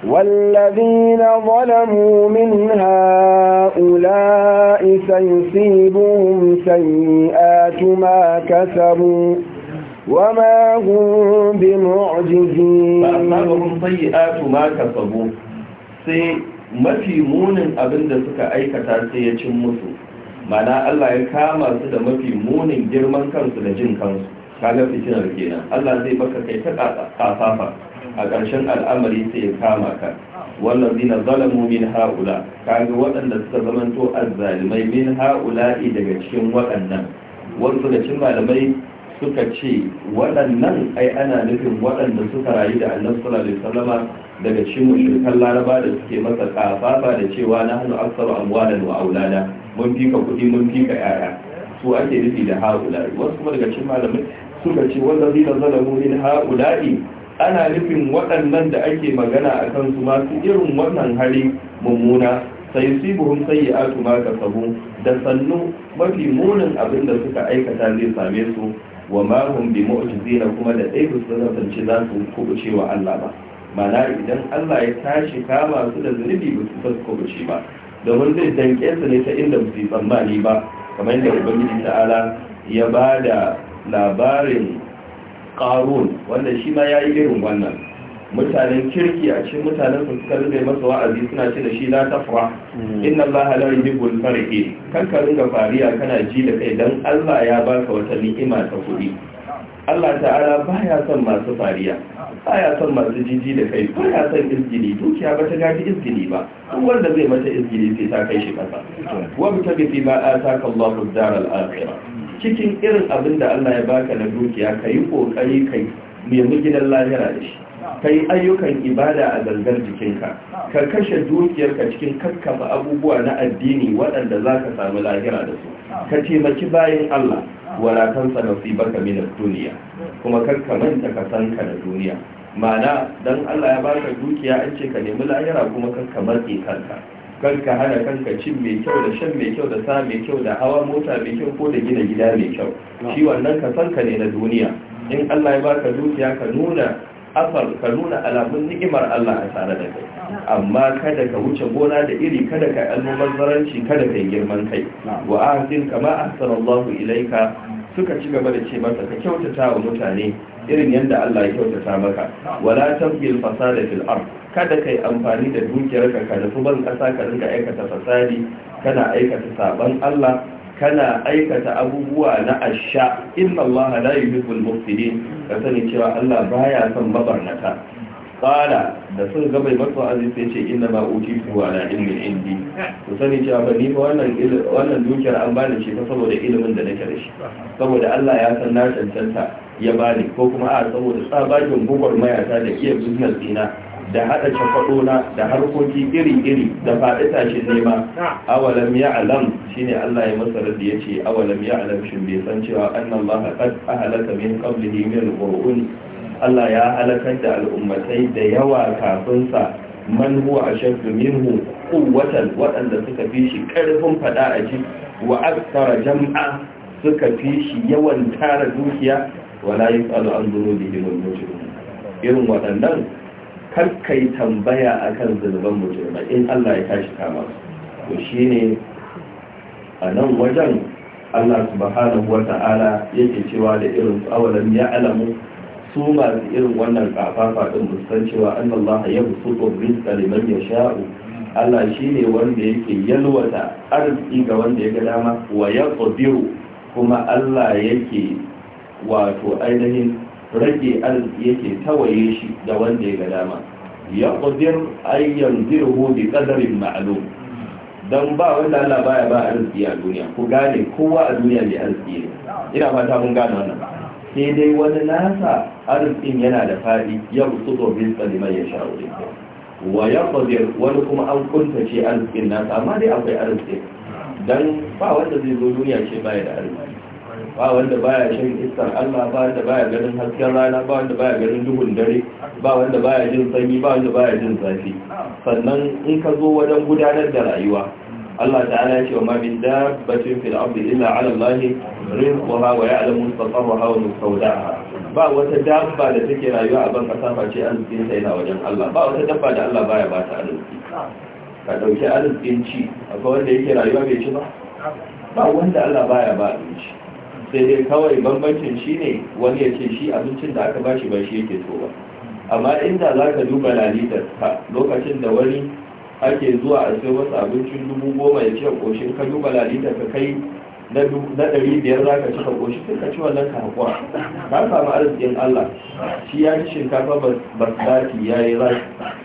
والذين ظلموا من هؤلاء سيصيبهم سيئات ما كسبوا وما هم بمعجزين فأصابهم سيئات ما كسبوا sai mafi munin abin da suka aikata sai ya cin musu mana Allah ya kama su da mafi munin girman kansu da jin kansu kaga fitilar kenan Allah zai baka kai ta kasafa a ƙarshen al'amari sai ya kama ka wannan zina zalamu min haula kaga waɗanda suka zamanto azzalimai min haula daga cikin waɗannan wasu daga cikin malamai suka ce waɗannan ai ana nufin waɗanda suka rayu da annabi sallallahu alaihi wasallama daga cikin mushrikan laraba da suke masa ba da cewa na nahnu aktsaru amwalan wa aulada mun fika kuɗi mun fika yaya su ake nufi da haula wasu kuma daga cikin malamai suka ce wallazi da zalamu min haula'i ana nufin waɗannan da ake magana a kansu masu irin wannan hali mummuna sai su buhun sai ya ma kasabu da sannu mafi munin abin da suka aikata zai same su wa ma hum bi mu'jizina kuma da dai ba su kasance za su kubuce wa Allah ba mana idan Allah ya tashi kama su da zunubi ba su san kubuce ba domin zai danke su ne ta inda ba su tsammani ba kamar yadda ubangiji ta'ala ya ba da labarin qarun wanda shi ma ya yi irin wannan mutanen kirki a cikin mutanen su suka rinda masa wa'azi suna ce da shi la tafra inna allaha la yuhibbul farihi kan ka ringa fariya kana ji da kai dan Allah ya baka wata ni'ima ta kudi Allah ta'ala baya son masu fariya baya son masu jiji da kai baya son izgili dukiya ba ta gaji izgili ba duk wanda zai mata izgili sai ta kai shi kasa wa bi tabi ma ataka Allahu daral akhirah cikin irin abin da Allah ya baka na dukiya kai kokari kai nemi gidan lahira da shi ka yi ayyukan ibada a zangar jikinka ka kashe dukiyarka cikin kakkafa abubuwa na addini waɗanda za ka samu lahira da su ka taimaki bayan allah wala tansa nasibaka min ad duniya. kuma kakka manta ka san ka da duniya Mana don Allah ya baka dukiya an ce ka nemi lahira kuma kakka matsi kanka kanka hana kanka cin mai kyau da shan mai kyau da sa mai kyau da hawa mota mai kyau ko da gina gida mai kyau shi wannan ka san ka ne na duniya in Allah ya baka dukiya ka nuna afar ka nuna alamun ni'imar Allah a tare da kai amma kada ka wuce gona da iri kada ka annoban zaranci kada ka girman kai wa ahsin kama ahsanallahu ilaika suka ci gaba da ce masa ka kyautata wa mutane irin yadda Allah ya kyautata maka wala tabghil fasada fil ard kada kai amfani da dukiyarka ka nufi ban kasa ka rinka aikata fasadi kana aikata saban Allah kana aikata abubuwa na asha inna Allah la yuhibbul mufsidin ka sani cewa Allah baya son mabarnata qala da sun ga mai masu aziz sai ce inna ma utitu ala ilmin indi ku sani cewa ba ni wannan wannan dukiyar an bani shi saboda ilimin da nake da shi saboda Allah ya san na cancanta ya bani ko kuma a saboda sabajin gugurmaya mayata da iya business dina da hada shafadona da harkoki iri-iri da faɗi tashin nema awalam ya alam shine Allah ya masarar da ya ce awalam ya alam shin bai san cewa annan ba haƙar a halaka min ƙablihi min ƙor'un Allah ya halakar da al'ummatai da yawa kafinsa man huwa a shafi minhu kuwatan waɗanda suka fi shi ƙarfin faɗa a ji wa aksara jam'a suka fi shi yawan tara dukiya wala yi tsalo an zuno da irin waɗannan kar kai tambaya akan zunuban mujrimai in Allah ya tashi kama to ne a nan wajen Allah subhanahu wa ta'ala yake cewa da irin su awalan ya alamu su masu irin wannan kafafa din san cewa Allah ya busutu rizqa liman yasha'u Allah shi ne wanda yake yalwata arziki ga wanda ya ga dama wa yaqdiru kuma Allah yake wato ainihin rage arziki yake tawaye shi da wanda ya ga dama ya kudir ayyan zirhu bi qadarin ma'lum dan ba wanda Allah baya ba arziki a duniya ku gane kowa a duniya mai arziki ne ina fata mun gane wannan sai dai wani nasa arzikin yana da fadi ya rusuto bin tsalima ya sha wuri wa ya qadir wani kuma an kuntace arzikin nasa amma dai akwai arziki dan ba wanda zai zo duniya ce baya da arziki ba wanda baya shan iskar Allah ba wanda baya ganin hasken rana ba wanda baya ganin duhun dare ba wanda baya jin sanyi ba wanda baya jin zafi sannan in ka zo wajen gudanar da rayuwa Allah ta'ala ya ce wa ma min dabbatin fil ardi illa 'ala Allah rizquha wa ya'lamu mustaqarraha wa mustawda'aha ba wata dabba da take rayuwa a ban kasa ce arzikin ta yana wajen Allah ba wata dabba da Allah baya ba ta arziki ka dauki arzikin ci akwai wanda yake rayuwa bai ci ba ba wanda Allah baya ba shi. sai dai kawai bambancin shi ne wani ya ce shi abincin da aka bashi ba shi yake so ba amma inda za ka duba lalitar ka lokacin da wani ake zuwa a sai wasu abincin dubu goma ya ce ƙoshin ka duba lalitar ka kai na ɗari biyar za ka ci ka ƙoshi sai ka ci wannan ka haƙuwa ka samu arzikin allah shi ya ci shinkafa basdaki ya yi rai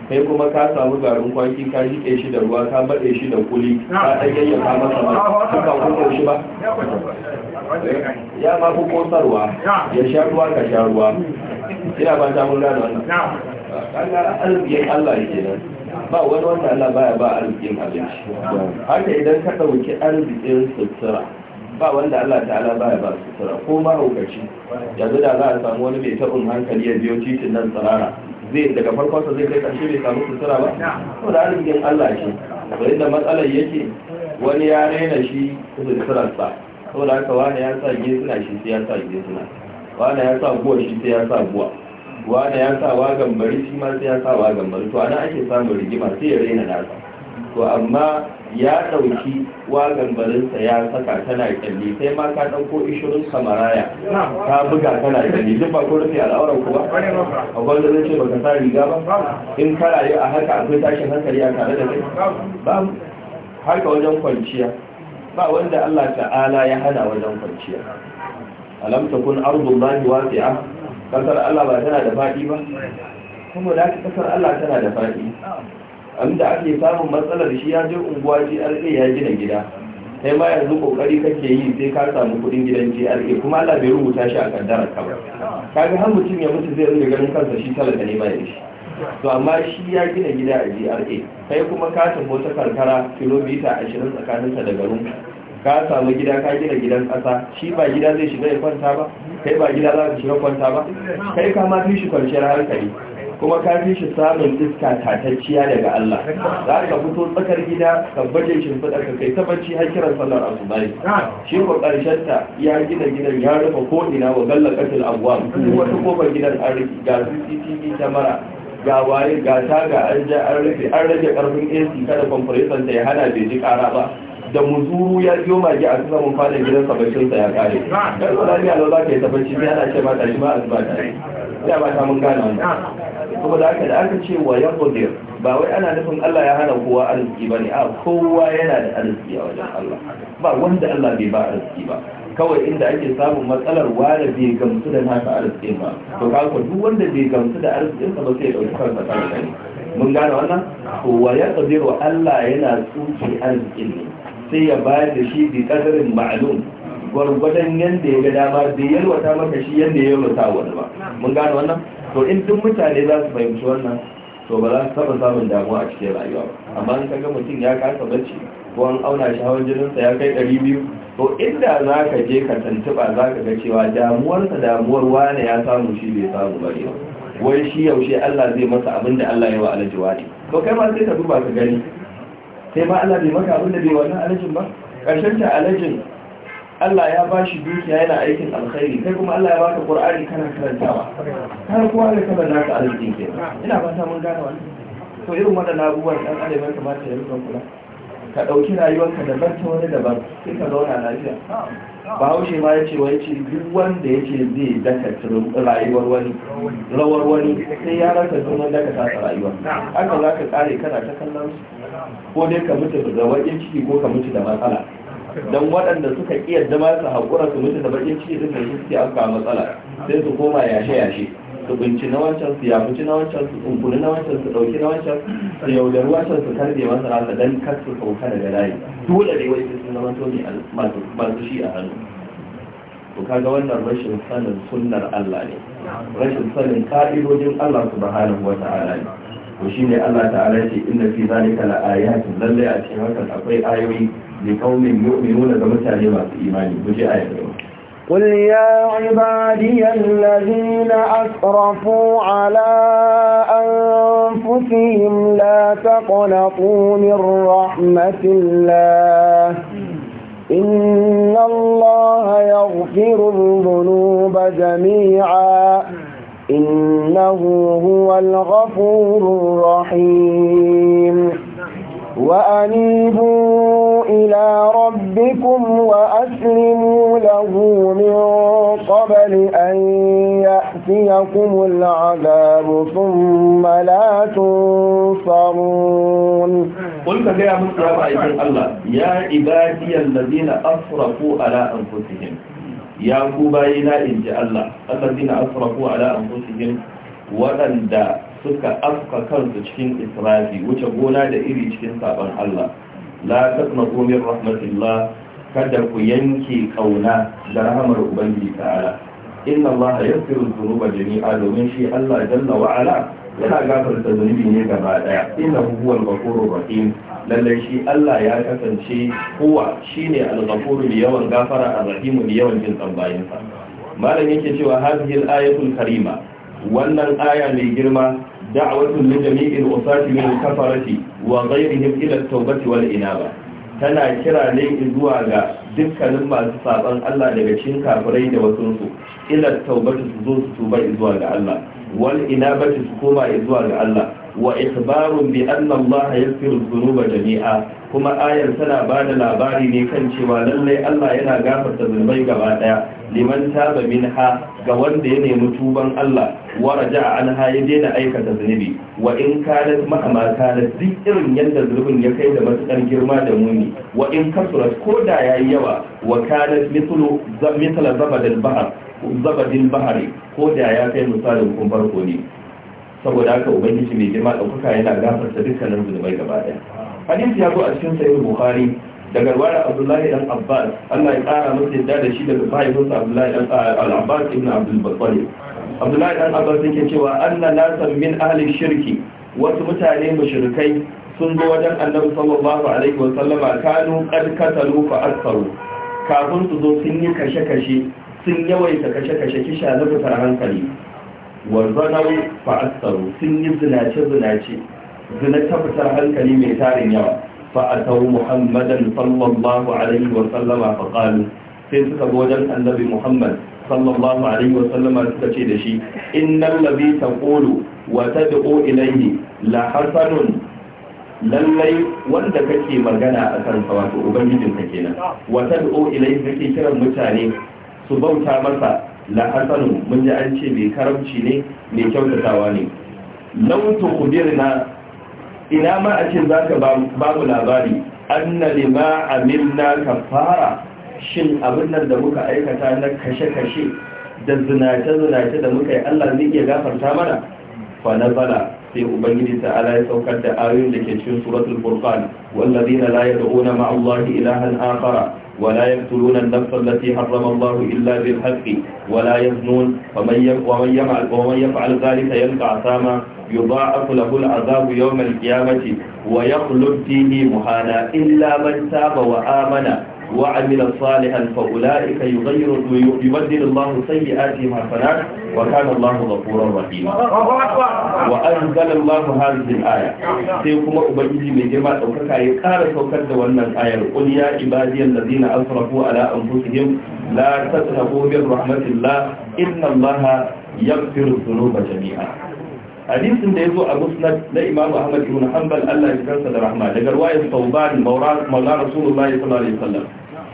kai kuma ka samu garin kwaki ka jiƙe shi da ruwa ka baɗe shi da kuli ka ɗan yayyafa masa ba ka shi ba ya ma fi kosarwa ya sha ruwa ka sha ruwa ina ba ta mun gane wannan ga arzikin Allah yake nan ba wani wanda Allah baya ba arzikin abinci haka idan ka dauki arzikin sutura ba wanda Allah ta'ala baya ba sutura ko mahaukaci yanzu da za a samu wani mai taɓin hankali ya biyo titin nan tsarara zai daga farkonsa zai kai ƙarshe bai samu sutura ba ko da arzikin Allah ce to inda matsalar yake wani ya raina shi suturarsa saboda haka wane ya sa suna shi sai ya sa suna wane ya sa buwa shi sai ya sa buwa wane ya sa wagan bari shi ma sai ya sa wagan bari to ana ake samun rigima sai ya raina nasa to amma ya ɗauki wagan barinsa ya saka tana kyalli sai ma ka ɗauko ishirin samaraya ta buga tana kyalli duk ba ko rufe al'auran ku ba a gwanda zai ce baka sa riga ba in ka rayu a haka akwai tashin hankali a tare da kai ba haka wajen kwanciya ba wanda Allah ta'ala ya hana wajen kwanciya alam takun ardullahi wasi'a kasar Allah ba tana da faɗi ba kuma da kasar Allah tana da fadi abinda ake samun matsalar shi ya je unguwa GRA ya gina gida sai ma yanzu kokari kake yi sai ka samu kudin gidan GRA kuma Allah bai rubuta shi a kaddarar ka ba kaga har mutum ya mutu zai rinka ganin kansa shi talaka ne ba da shi to amma shi ya gina gida a GRA kai kuma ka tafi karkara kilomita ashirin tsakaninsa da garin ka samu gida ka gina gidan ƙasa shi ba gida zai shiga ya kwanta ba kai ba gida za ka shiga kwanta ba kai ka ma fi shi kwanciyar hankali kuma ka fi shi samun iska tatacciya daga Allah za ka fito tsakar gida ka baje fada ka kai ta bacci har kiran sallar asubai shi ko karshen ta ya gina gidan ya rufe ko ina wa galla katil abuwa wata kofar gidan an ga CCTV mara. ga waye ga ta ga an ja an rufe an rage karfin AC kada compressor ta ya hana bai ji kara ba da muzuru ya biyo magi a cikin mun fada gidan sabacin sa ya kare dan wala ne Allah zaka yi tabbaci sai ana ce ma tashi ma azba ta ya ba ta mun gane wannan kuma da aka da aka ce wa yaqdir ba wai ana nufin Allah ya hana kowa arziki bane a kowa yana da arziki a wajen Allah ba wanda Allah bai ba arziki ba kawai inda ake samun matsalar ware bai gamsu da nasa arzikin ba to kaga duk wanda bai gamsu da arzikin ba sai ya dauki kansa kan kai mun gane wannan to wa ya Allah yana tsuci arzikin ne sai ya bayar da shi bi kadarin ma'lum gwargwadon yadda ya ga dama bai yalwata maka shi yadda ya yalwata wani ba mun gane wannan to in duk mutane za su fahimci wannan to ba za su taɓa samun damuwa a cikin rayuwa ba amma in ka ga mutum ya kasa bacci ko an auna shi hawan jininsa ya kai ɗari biyu to inda za ka je ka tantuba za ka ga cewa damuwarsa damuwar wane ya samu shi bai samu ba ne wai shi yaushe Allah zai masa abin da Allah ya wa alaji wani to kai ma sai ka duba ka gani sai ma Allah bai maka abin da bai wannan alajin ba ƙarshen ta alajin Allah ya ba shi dukiya yana aikin alkhairi kai kuma Allah ya baka Qur'ani kana karantawa har kowa ne na ka alajin ke ina fata mun gane wannan to irin waɗannan abubuwan dan adam ya kamata ya rika kula ka ɗauki rayuwarka da barta wani daban sai ka zauna lafiya bahaushe ma ya ce wai ce duk wanda ya ce zai daka rayuwar wani rawar wani sai ya rasa domin daka tasa rayuwa haka za ka kare kana ta kallon su ko dai ka mutu da baƙin ciki ko ka mutu da matsala don waɗanda suka ƙi yadda ma su haƙura su mutu da baƙin ciki din da suke aka matsala sai su koma yashe yashe su binci na wancan su yafuci na wancan su kunkuni na wancan su ɗauki na wancan su yaudar wancan su karbe masa nasa don kar su sauka daga layi dole ne wai sun zama to ne masu shi a hannu to kaga wannan rashin sanin sunnar Allah ne rashin sanin ka'idojin Allah subhanahu wa ta'ala ne to shine Allah ta'ala ce inna fi zalika la ayatin lalle a cikin hakan akwai ayoyi li qaumin yu'minuna ga mutane masu imani guje ayatin قل يا عبادي الذين أسرفوا على أنفسهم لا تقنطوا من رحمة الله إن الله يغفر الذنوب جميعا إنه هو الغفور الرحيم وأنيبوا إلى ربكم وأسلموا له من قبل أن يأتيكم العذاب ثم لا تنصرون قلت يا مصطفى الله يا عبادي الذين أسرفوا على أنفسهم يا كوباينا إن الله الذين أسرفوا على أنفسهم وأن suka afka kansu cikin israfi wuce gona da iri cikin saban Allah la tasmaqu min rahmatillah kada ku yanke kauna da rahamar ubangiji ta'ala inna Allah yaghfiru dhunuba jami'a domin shi Allah jalla wa ala yana gafarta zunubi ne gaba daya innahu huwal ghafurur rahim lallai shi Allah ya kasance kowa shine al-ghafuru li yawan gafara ar-rahimu li yawan jin tsambayinsa malamin yake cewa hadhihi al-ayatul karima wannan aya mai girma da'watun li jami'il usati min al-kafarati wa ghayrihim ila at-tawbati wal inaba tana kira ne zuwa ga dukkanin masu saban Allah daga cikin kafirai da wasu su ila at su zo su tuba zuwa ga Allah wal inabati su koma zuwa ga Allah wa ikhbarun bi anna Allah yaghfiru dhunuba jami'a kuma ayar tana ba da labari ne kan cewa lallai Allah yana gafarta zunubai gaba daya liman taba minha ga wanda ya nemi tuban Allah waraja a anha ya daina aikata zunubi wa in kanat mahama kanat duk irin yadda zunubin ya kai da matukar girma da muni wa in kasurat ko da yayi yawa wa kanat mithlu mithla zabadil bahar zabadil bahari ko da ya kai misalin kun farko ne saboda haka ubangiji mai girma ɗaukaka yana gafarta dukkanin zunubai gaba ɗaya hadisi ya zo a cikin sahih bukhari daga wara abdullahi dan abbas allah ya kara masa yadda da shi daga mahaifinsa abdullahi dan eh, al-abbas ibn abdul battalib abdullahi dan abbas yake cewa anna nasan min ahli shirki wasu mutane mushrikai sun zo wajen annabi sallallahu alaihi wa sallama kanu qad katalu fa aktharu kafin su zo sun yi kashe-kashe sun yawaita kashe-kashe kisha na fitar hankali wa zanau fa aktharu sun yi zinace-zinace zina ta fitar hankali mai tarin yawa fa'atau muhammadan sallallahu alaihi wa sallama fa qalu sai suka zo wajen annabi muhammad sallallahu alaihi wa sallama suka ce da shi innal kolo wata da o ilayhi la hasanun lallai wanda kake magana a kan sa wato ubangijin ka kenan wa tad'u ilayhi kake kiran mutane su bauta masa la hasanun mun ji an ce mai karamci ne mai kyautatawa ne law na ina ma a ce zaka ba mu labari anna lima amilna kafara shin abin nan da muka aikata na kashe-kashe da zinace-zinace da muka yi Allah zai iya gafarta mana fa sai ubangiji ta ya saukar da ayoyin da ke cikin suratul furqan wallazina la yad'una ma'a allahi ilahan akhara ولا يقتلون النفس التي حرم الله إلا بالحق ولا يزنون ومن يفعل ذلك يلقى عثاما يضاعف له العذاب يوم القيامة ويخلد فيه مهانا إلا من تاب وآمن وعمل صالحا فأولئك يغير ويبدل الله سيئاتهم حسنات وكان الله غفورا رحيما وأنزل الله هذه الآية سيكم أبيدي من جماعة أوكاكا يقال سوكد وأن الآية قل يا عبادي الذين أسرفوا على أنفسهم لا تسرفوا من رحمة الله إن الله يغفر الذنوب جميعا hadisin da ya zo a musnad na imamu ahmad ibn hanbal allah ya kansa da rahma daga ruwayar sauban maula rasulullahi sallallahu alaihi wasallam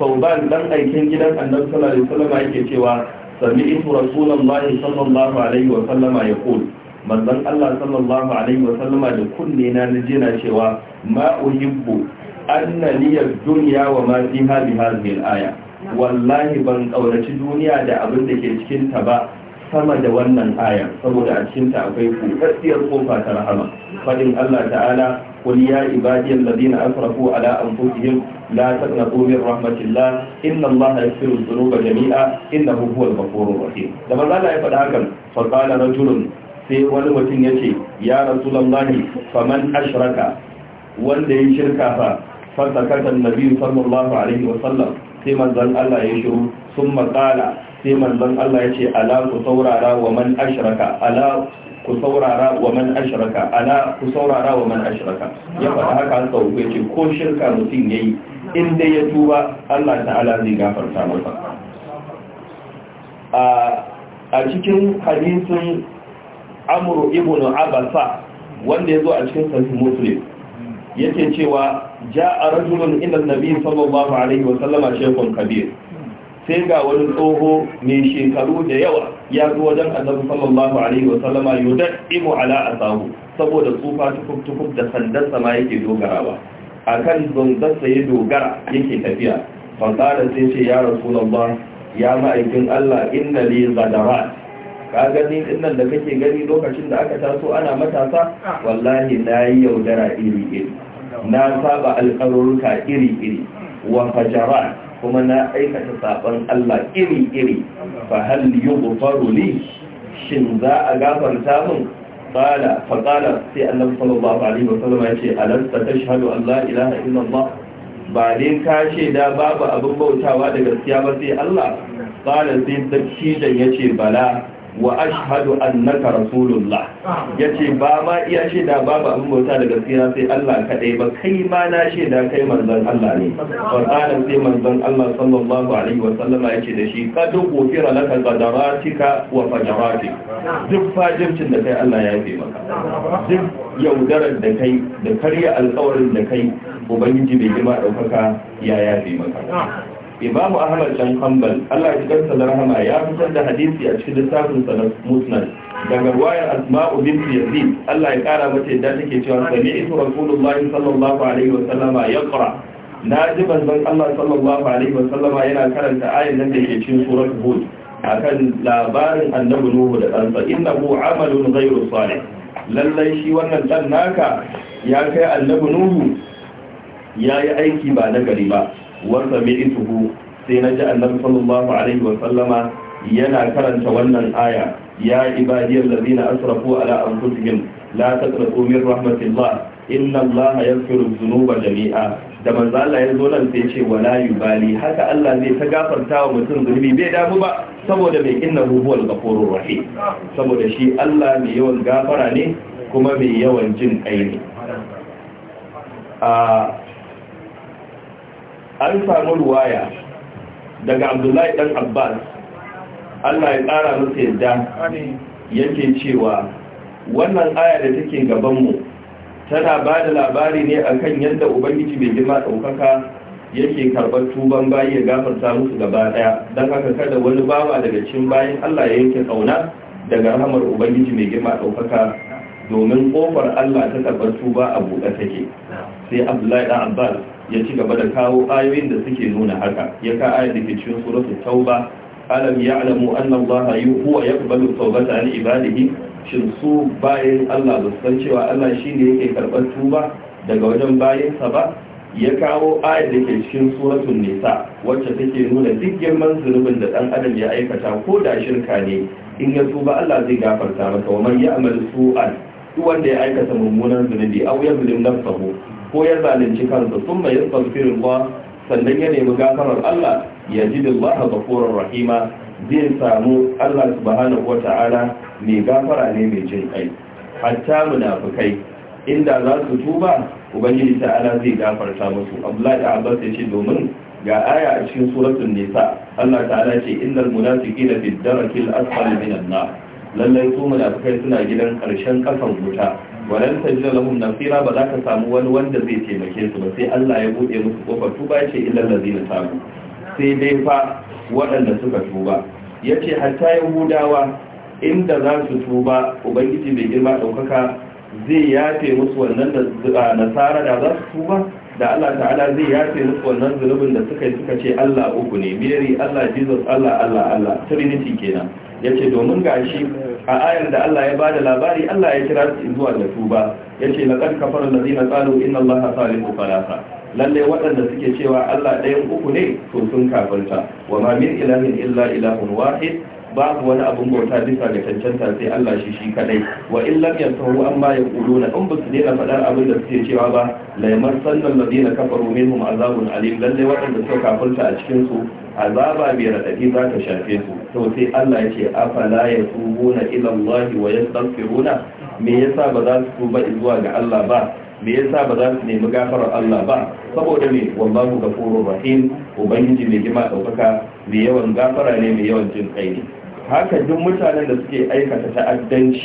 sauban dan aikin gidan annabi sallallahu alaihi wasallam yake cewa sami'tu rasulullahi sallallahu alaihi wasallam yaqul manzon Allah sallallahu alaihi wasallam da kunne na naje na cewa ma uhibbu anna liya dunya wa ma fiha bi hadhihi al-aya wallahi ban kaurace duniya da abin da ke cikin ta ba sama da wannan aya saboda a cikin ta akwai kudaddiyar kofa ta rahama fadin Allah ta'ala qul ya ibadiyal ladina asrafu ala anfusihim la taqnatu min rahmatillah inna Allah yaghfiru dhunuba jami'a innahu huwal ghafurur rahim da manzo Allah ya faɗa hakan fa qala rajulun sai wani mutum yace ya rasulullahi faman ashraka wanda ya shirka fa fa sakata annabi sallallahu alaihi sallam sai manzon Allah ya shiru sun maƙala sai manzon Allah ya ce ala ku saurara wa man ashraka ala ku saurara wa man ashraka ala ku saurara wa man ashraka ya fara haka sau ku ce ko shirka mutum yayi in dai ya tuba Allah ta'ala zai gafarta masa a a cikin hadisin amru Ibnu Abasa wanda yazo a cikin sahih Muslim yake cewa ja'a rajulun ila an sallallahu alaihi wa sallama shaykhun kabir sai ga wani tsoho mai shekaru da yawa ya zo wajen annabi sallallahu alaihi wa sallama yudaimu ala asahu saboda tsufa tukuk da sandan sama yake dogarawa akan kan sa ya dogara yake tafiya fasara sai ce ya rasulullah ya ma'aikin Allah inna li zadara ka gani dinnan da kake gani lokacin da aka taso ana matasa wallahi na yi yaudara iri iri na saba alƙarurruka iri iri wa fajarat kuma na aikata saban Allah iri-iri ba fa hal yughfaru li shin za a gafarta min qala fa qala sai Allah sallallahu alaihi wasallam ya ce alasta tashhadu an la ilaha illa Allah ba dai ka ce da babu abin bautawa da gaskiya ba sai Allah qala sai dakki ya ce bala wa ashhadu annaka rasulullah yace ba ma iya shaida babu abin bauta da gaskiya sai Allah kadai ba kai ma na shaida kai manzon Allah ne wa qala sai manzon Allah sallallahu alaihi wa sallama yace da shi qad ghufira laka qadaratika wa fajaratik duk fajircin da kai Allah ya yi maka duk yaudarar da kai da karya alƙawarin da kai ubangiji bai ma daukaka ya yafe maka imam ahmad dan hanbal Allah ya kansa da rahama ya fitar da hadisi a cikin littafin sa musnad daga ruwayar asma'u bint yazid Allah ya kara mata yadda take cewa sami'tu rasulullahi sallallahu alaihi wa sallama yaqra na ji manzon Allah sallallahu alaihi wa sallama yana karanta ayan nan da ke cikin surat hud akan labarin annabi nuhu da ɗansa innahu amalun ghayru salih lallai shi wannan dan naka ya kai annabi nuhu ya yi aiki ba na gari ba wa sai na ji annabi sallallahu alaihi wa sallama yana karanta wannan aya ya ibadiyal ladina asrafu ala anfusihim la taqnatu min rahmatillah inna allaha yaghfiru dhunuba jami'a da manzo Allah ya zo nan sai ce wala yubali haka Allah zai ta gafarta wa mutum zunubi bai damu ba saboda mai innahu huwal ghafurur rahim saboda shi Allah mai yawan gafara ne kuma mai yawan jin kai ne a ah, an samu ruwaya daga abdullahi ɗan abbas allah ya tsara masa yadda yake cewa wannan aya da take gabanmu tana ba da labari ne a kan yadda ubangiji bai girma ɗaukaka yake karɓar tuban bayi ya gafarta musu gaba ɗaya don haka kada wani bawa daga cikin bayan allah ya yanke ƙauna daga rahamar ubangiji mai girma ɗaukaka domin ƙofar allah ta karɓar tuba a buɗe take sai abdullahi ɗan abbas ya ci gaba da kawo ayoyin da suke nuna haka ya ka ayar da ke cikin suratul tauba alam ya'lamu anna allaha huwa yaqbalu tawbata ni ibadihi shin su bayan Allah ba san cewa Allah shi ne yake karɓar tuba daga wajen bayansa ba ya kawo ayar da ke cikin suratun nisa wacce take nuna duk girman zunubin da ɗan adam ya aikata ko da shirka ne in ya tuba Allah zai gafarta masa wa man ya'mal su'an duk wanda ya aikata mummunan zunubi aw na nafsahu ko ya zalunci kansa sun mai yastaghfirun ba sannan ya nemi gafarar Allah ya ji da a ghafurur rahima zai samu Allah subhanahu ta'ala mai gafara ne mai jin kai hatta munafikai inda za su tuba ubangiji ta'ala zai gafarta musu Abdullahi Abbas ya ce domin ga aya a cikin suratun nisa Allah ta'ala ce innal munafiqina fi darakil asfali minan nar lallai su munafikai suna gidan karshen kasan wuta wannan tajida lahum nasira ba za ka samu wani wanda zai taimake su ba sai Allah ya bude musu kofar tuba ya illal ladina tabu sai dai fa waɗanda suka tuba yace hatta yahudawa inda za su tuba ubangiji bai girma daukaka zai yafe musu wannan da nasara da za su tuba da Allah ta'ala zai yafe musu wannan zulubin da suka yi suka ce Allah uku ne Mary Allah Jesus Allah Allah Allah Trinity kenan ya ce domin gashi a ayar da Allah ya bada labari Allah ya kira su zuwa da tuba ya ce laƙar kafar lazina tsalo inna Allah salihu falasa lallai waɗanda suke cewa Allah ɗayan uku ne to sun kafarta wa ma min ilahin illa ilahun wahid babu wani abun bauta bisa ga cancanta sai Allah shi shi kadai wa in lam yantahu amma yaquluna in basu daina faɗar abin da suke cewa ba la yamassanna alladhina kafaru minhum azabun alim lalle waɗanda suka kafirta a cikin su azaba bi radadi za ta shafe su to sai Allah ya ce afala yatubuna ila Allah wa yastaghfiruna me yasa ba za su tuba zuwa ga Allah ba me yasa ba za su nemi gafarar Allah ba saboda me wallahu ghafurur rahim ubangiji mai jima daukaka mai yawan gafara ne mai yawan jin kai ne haka duk mutanen da suke aikata ta'addanci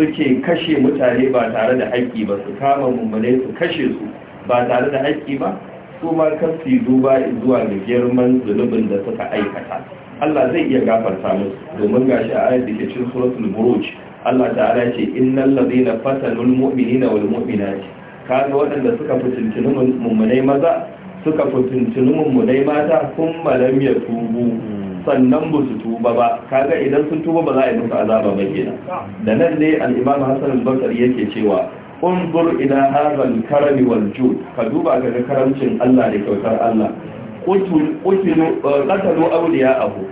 suke kashe mutane ba tare da haƙƙi ba su kama mummune su kashe su ba tare da haƙƙi ba su ma kafi duba zuwa ga girman zunubin da suka aikata Allah zai iya gafarta musu domin gashi a ayat da ke cikin suratul buruj Allah ta'ala ce innal ladina fatanul mu'minina wal mu'minati kaga waɗanda suka fitintunu mummunai maza suka fitintunu mummunai mata kun lam yatubu sannan ba su tuba ba kaga idan sun tuba ba za a yi musu azaba ba kenan da nan ne al-imam hasan al-Basri yake cewa unzur ila hadhal karam wal jud ka duba ga karamcin Allah da kyautar Allah qutul uh, qatalu abu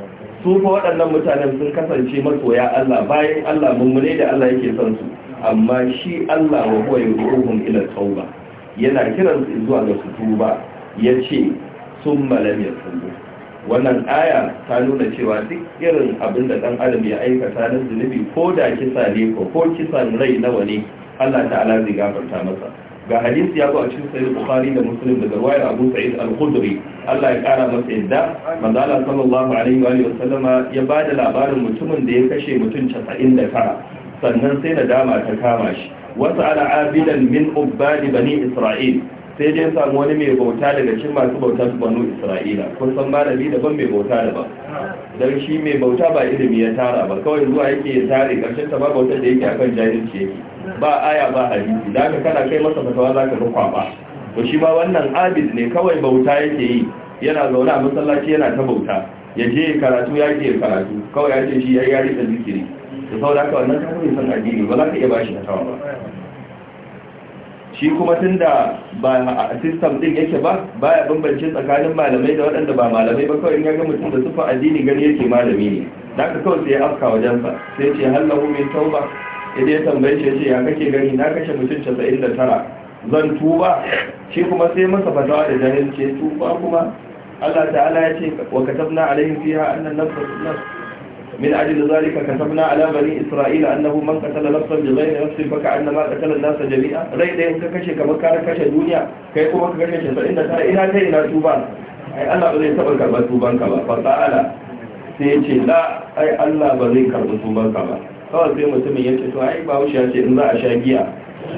su fa waɗannan mutanen sun kasance masoya Allah bayan Allah mummune da Allah yake son su amma shi Allah wa huwa yuruhum ila tauba yana kiransu zuwa ga su tuba yace summa lam yatubu wannan aya ta nuna cewa duk irin abin da dan adam ya aikata na zunubi ko da kisa ne ko ko kisan rai nawa ne Allah ta'ala zai gafarta masa ga hadisi ya zo a cikin sahih bukhari da muslim daga ruwayar abu sa'id al-khudri Allah ya kara masa yadda manzo Allah sallallahu alaihi wa sallama ya da labarin mutumin da ya kashe mutum 99 sannan sai da dama ta kama shi wasu ala abidan min ubbadi bani isra'il sai dai samu wani mai bauta daga cikin masu bauta su banu isra'ila kun san malami daban mai bauta daban don shi mai bauta ba ilimi ya tara ba kawai zuwa yake ya tare karshen ta ba bautar da yake akan jahilci yake ba aya ba hadisi da aka kana kai masa fatawa ka rukwa ba to shi ba wannan abid ne kawai bauta yake yi yana zaune a masallaci yana ta bauta ya je karatu ya je karatu kawai ya ce shi ya yi zikiri Da saboda haka wannan kafin san addini ba za ka iya bashi fatawa ba shi kuma da ba a system din yake ba ba ya bambance tsakanin malamai da waɗanda ba malamai ba kawai ya ga mutum da sufa addini gani yake malami ne ka kawai sai ya afka wajensa sai ce hallahu min tauba idan ya tambaye shi ce ya kake gani na kashe mutum 99 zan tuba shi kuma sai masa fatawa da jahilci tuba kuma Allah ta'ala ya ce wa katabna alaihim fiha annan nafsu nafsu من أجل ذلك كتبنا على بني إسرائيل أنه من قتل نفسا بغير نفس فكأنما قتل الناس جميعا رأي ده يمكن كشي كما كان كشي دنيا كي يكون كشي شيء فإن ترى إلى كي لا توبان أي الله بذي تبقى كما توبان كما فتعالى سيتي لا أي الله بذي كما توبان كما kawai sai mutumin ya ce to ai ba wuce ya ce in za a sha giya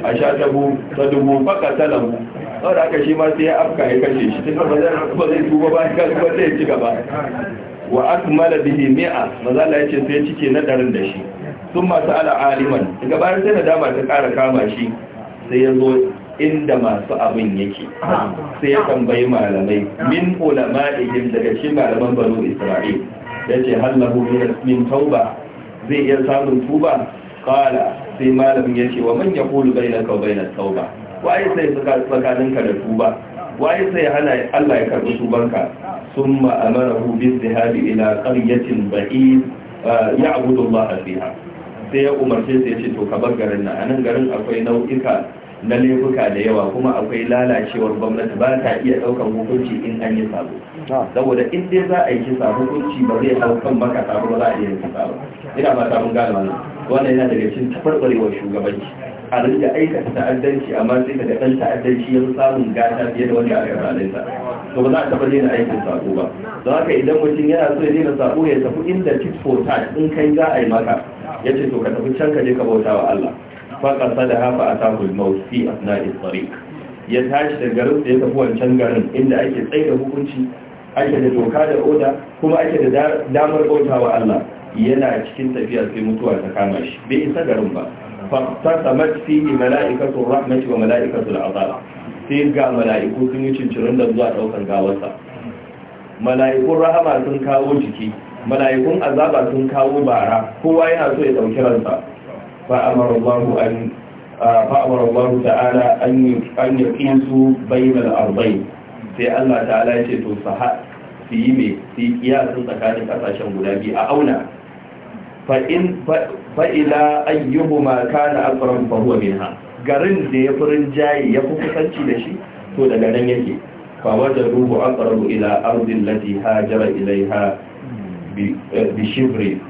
a sha tabu ta dubu baka talabu kawai da aka shi ma sai ya afka ya kashe shi tun ba zai tuba ba ya kashe ba zai ci gaba wa akmala bihi mi'a maza Allah yace sai cike na darin da shi sun masu ala aliman daga bayan sai dama ta ƙara kama shi sai ya zo inda masu abin yake sai ya tambayi malamai min ulama'ihim daga cikin malaman banu isra'il yace hallahu min tauba zai iya samun tuba qala sai malamin yace wa man yaqulu bainaka wa bainat tauba waye sai tsakaninka da tuba waye sai hana Allah ya karbi tubanka ثم أمره بالذهاب إلى قرية بعيد يعبد الله فيها sai ya umarce sai ce to ka bar garin nan anan garin akwai nau'ika na laifuka da yawa kuma akwai lalacewar gwamnati ba ta iya daukan hukunci in an yi sabo saboda in dai za a yi kisa hukunci ba zai hau kan maka sabo ba za a iya kisa ba ina ba mun gano wannan wannan yana daga cikin tabarbarewar shugabanci a rinda aikata ta'addanci amma sai ka ga dan ta'addanci ya samun gata fiye da wanda aka zalunta to ba za a taɓa daina aikin sako ba don haka idan mutum yana so ya daina sako ya tafi inda tit for in kai za a yi maka ya ce to ka tafi can ka je ka bauta wa Allah faka salaha fa atahu al-maut fi asna'i tariq ya tashi da garin da ya tafi wancan garin inda ake tsaida hukunci ake da doka da oda kuma ake da damar bauta wa Allah yana cikin tafiya sai mutuwa ta kama shi bai isa garin ba fa tasamat fihi mala'ikatu rahmati wa mala'ikatu al-azab sai ga mala'iku sun yi cincirin da zuwa daukar gawarsa mala'ikun rahama sun kawo jiki mala'ikun azaba sun kawo bara kowa yana so ya dauki ransa fa'amar allahu ta'ala an yi ƙinsu bainal arbain sai Allah ta'ala ya ce to su yi mai su yi tsakanin ƙasashen guda biyu a auna fa'ila ayyuhu ma kana akwarar faruwa min ha garin da ya furin jaye ya fi kusanci da shi to daga nan yake kwawa da ruhu an ƙararru ila arzin lati hajara ha bishibri eh,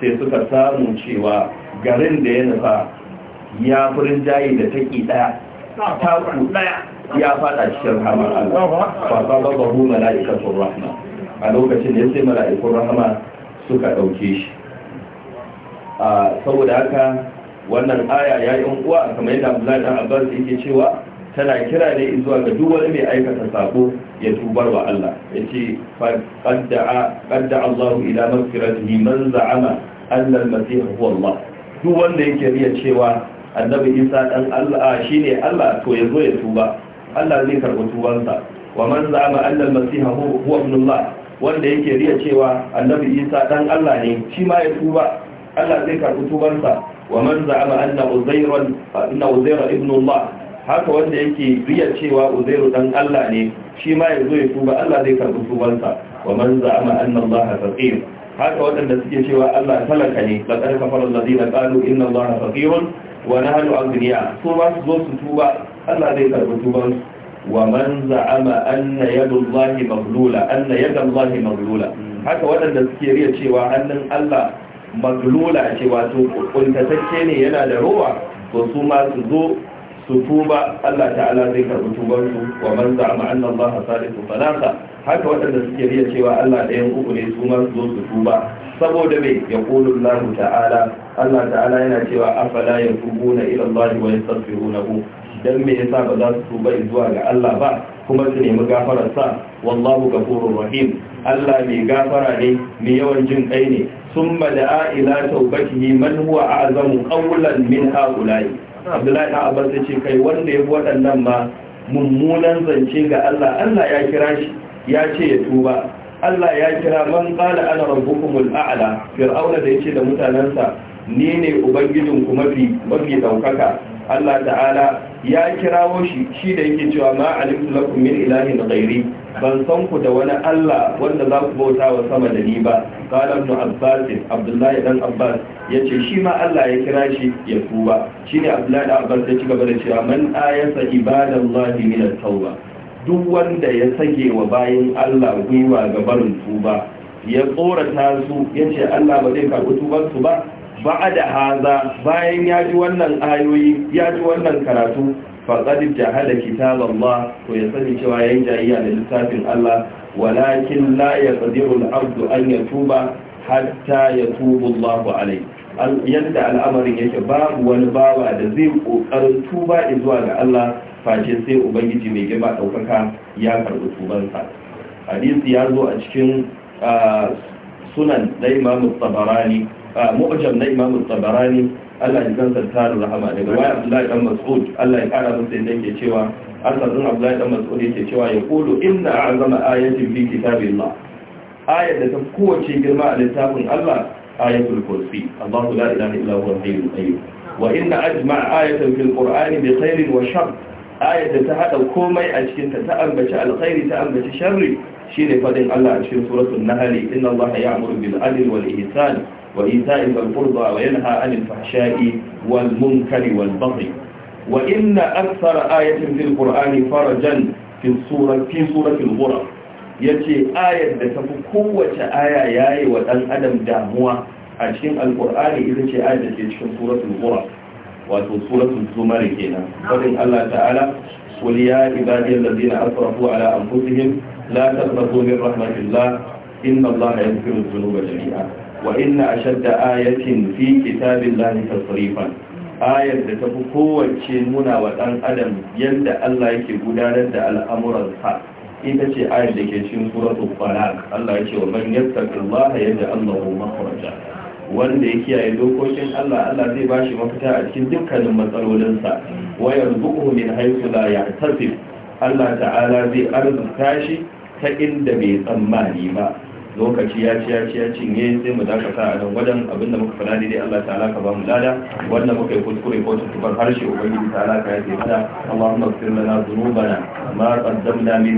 sai suka samu cewa garin da ya nufa ya furin jaye da ƙi ɗaya ɗaya ya faɗa cikin hamar Allah fa ba ba mala'ikatun rahma a lokacin da sai mala'ikun rahma suka ɗauke shi ah, saboda haka wannan aya ya yi uwa kamar yadda abdullahi dan abbas yake cewa tana kira ne zuwa ga duk wani mai aikata sako ya tubar wa Allah yace qad da'a Allah ila maghfiratihi man za'ama anna al-masih huwa Allah duk wanda yake riya cewa annabi Isa dan Allah shine Allah to yazo ya tuba Allah zai karɓi tubansa wa man za'ama anna al-masih huwa Allah wanda yake riya cewa annabi Isa dan Allah ne shi ma ya tuba Allah zai karɓi tubansa ومن زعم أن أزير أن أزير ابن الله haka wanda yake riya cewa uzairu dan Allah ne shi ma yazo ya tuba Allah zai karbi tubansa wa man za'ama anna Allah faqir haka waɗanda suke cewa Allah talaka ne laqad kafara alladhina qalu inna Allah faqirun wa nahnu aghniya su ma su zo su tuba Allah zai karbi tubansu wa man za'ama anna yadullahi maghlula anna yadallahi maghlula haka waɗanda suke riya cewa hannun Allah maglula ce wato kuntatacce ne yana da rowa to su ma su zo su tuba Allah ta'ala zai karbi tubar su wa man za'ama anna Allah salisu Falaka haka waɗanda suke riya cewa Allah ɗayan uku ne su ma su zo su tuba saboda me ya qulu Allah ta'ala Allah ta'ala yana cewa afala yatubuna ila Allah wa yastaghfirunahu dan me yasa ba za su tuba zuwa ga Allah ba kuma su nemi gafararsa wallahu ghafurur rahim Allah mai gafara ne mai yawan jin kai ne aila دعا إلى توبته من هو أعظم قولا min هؤلاء abdullahi الله بن عباس ce kai wanda ya fi waɗannan ma mummunan zance ga Allah Allah ya kira shi ya ce ya tuba Allah ya kira man qala ana rabbukumul a'la fir'auna da yace da mutanansa ni ne ubangijinku mafi mafi daukaka Allah ta'ala ya kirawo shi shi da yake cewa ma alimtu lakum min ilahin ghairi ban san ku da wani Allah wanda za ku bauta wa sama da ni ba qala ibn abbas abdullahi dan abbas yace shi ma Allah ya kira shi ya tuba shine abdullahi dan abbas ya ci gaba da cewa man ayasa ibadallahi min at ta'uwa. duk wanda ya sage wa bayin Allah gwiwa ga barin tuba ya tsorata su yace Allah ba zai karbi tubar su ba ba'a da haza bayan ya ji wannan ayoyi ya ji wannan karatu faƙad jahala kitab ya sani cewa yayin jayayya da littafin Allah walakin la ya al-abdu an tuba hatta tubu Allah alayhi yadda al'amarin yake babu wani bawa da zai ƙoƙarin tuba zuwa ga Allah face sai ubangiji mai girma ɗaukaka ya karɓi tubansa hadisi ya zo a cikin ah, sunan da Imam Tabarani mu'jam na imam tabarani Allah ya zanta tarin rahama daga waya Abdullahi dan Mas'ud Allah ya kara masa yadda yake cewa asarin Abdullahi dan Mas'ud yake cewa ya qulu inna a'zama ayatin fi kitabillah ayat da ta kowace girma a littafin Allah ayatul kursi Allahu la ilaha illa huwa al-hayyul qayyum wa inna ajma'a ayatan fil qur'ani bi khairin wa sharr ayat da ta hada komai a cikin ta ta ambaci alkhairi ta ambaci sharri shine fadin Allah a cikin suratul nahl inna Allaha ya'muru bil adli wal ihsan وإيتاء ذي القربى وينهى عن الفحشاء والمنكر والبغي وإن أكثر آية في القرآن فرجا في سورة في سورة الغرف yace ayar da tafi kowace aya yayi wa dan adam damuwa a cikin alqur'ani ita ce ayar da ke cikin suratul qur'an wato suratul zumar kenan fadin Allah ta'ala qul ya ibadiyallazina asrafu ala anfusihim la taqnatu min rahmatillah inna allaha yaghfiru dhunuba jami'a wa inna ashadda ayatin fi kitabillahi tasrifan ayar da tafi kowace nuna wa ɗan adam yadda Allah yake gudanar da al'amuransa ita ce ayar da ke cikin suratul falaq Allah ya ce wa man yattaqillaha yaj'al lahu makhraja wanda ya kiyaye dokokin Allah Allah zai bashi mafita a cikin dukkanin matsalolinsa wa yarzuquhu min haythu la yahtasib Allah ta'ala zai arzuta shi ta inda bai tsammani ba lokaci ya ci ya ci ya cinye sai mu dakata a nan wajen abinda muka fada dai Allah ta'ala ka ba mu lada wanda muka yi kuskure ko tuntuban harshe ubangiji ta'ala ka yi mana Allahumma firna lana dhunubana ma qaddamna min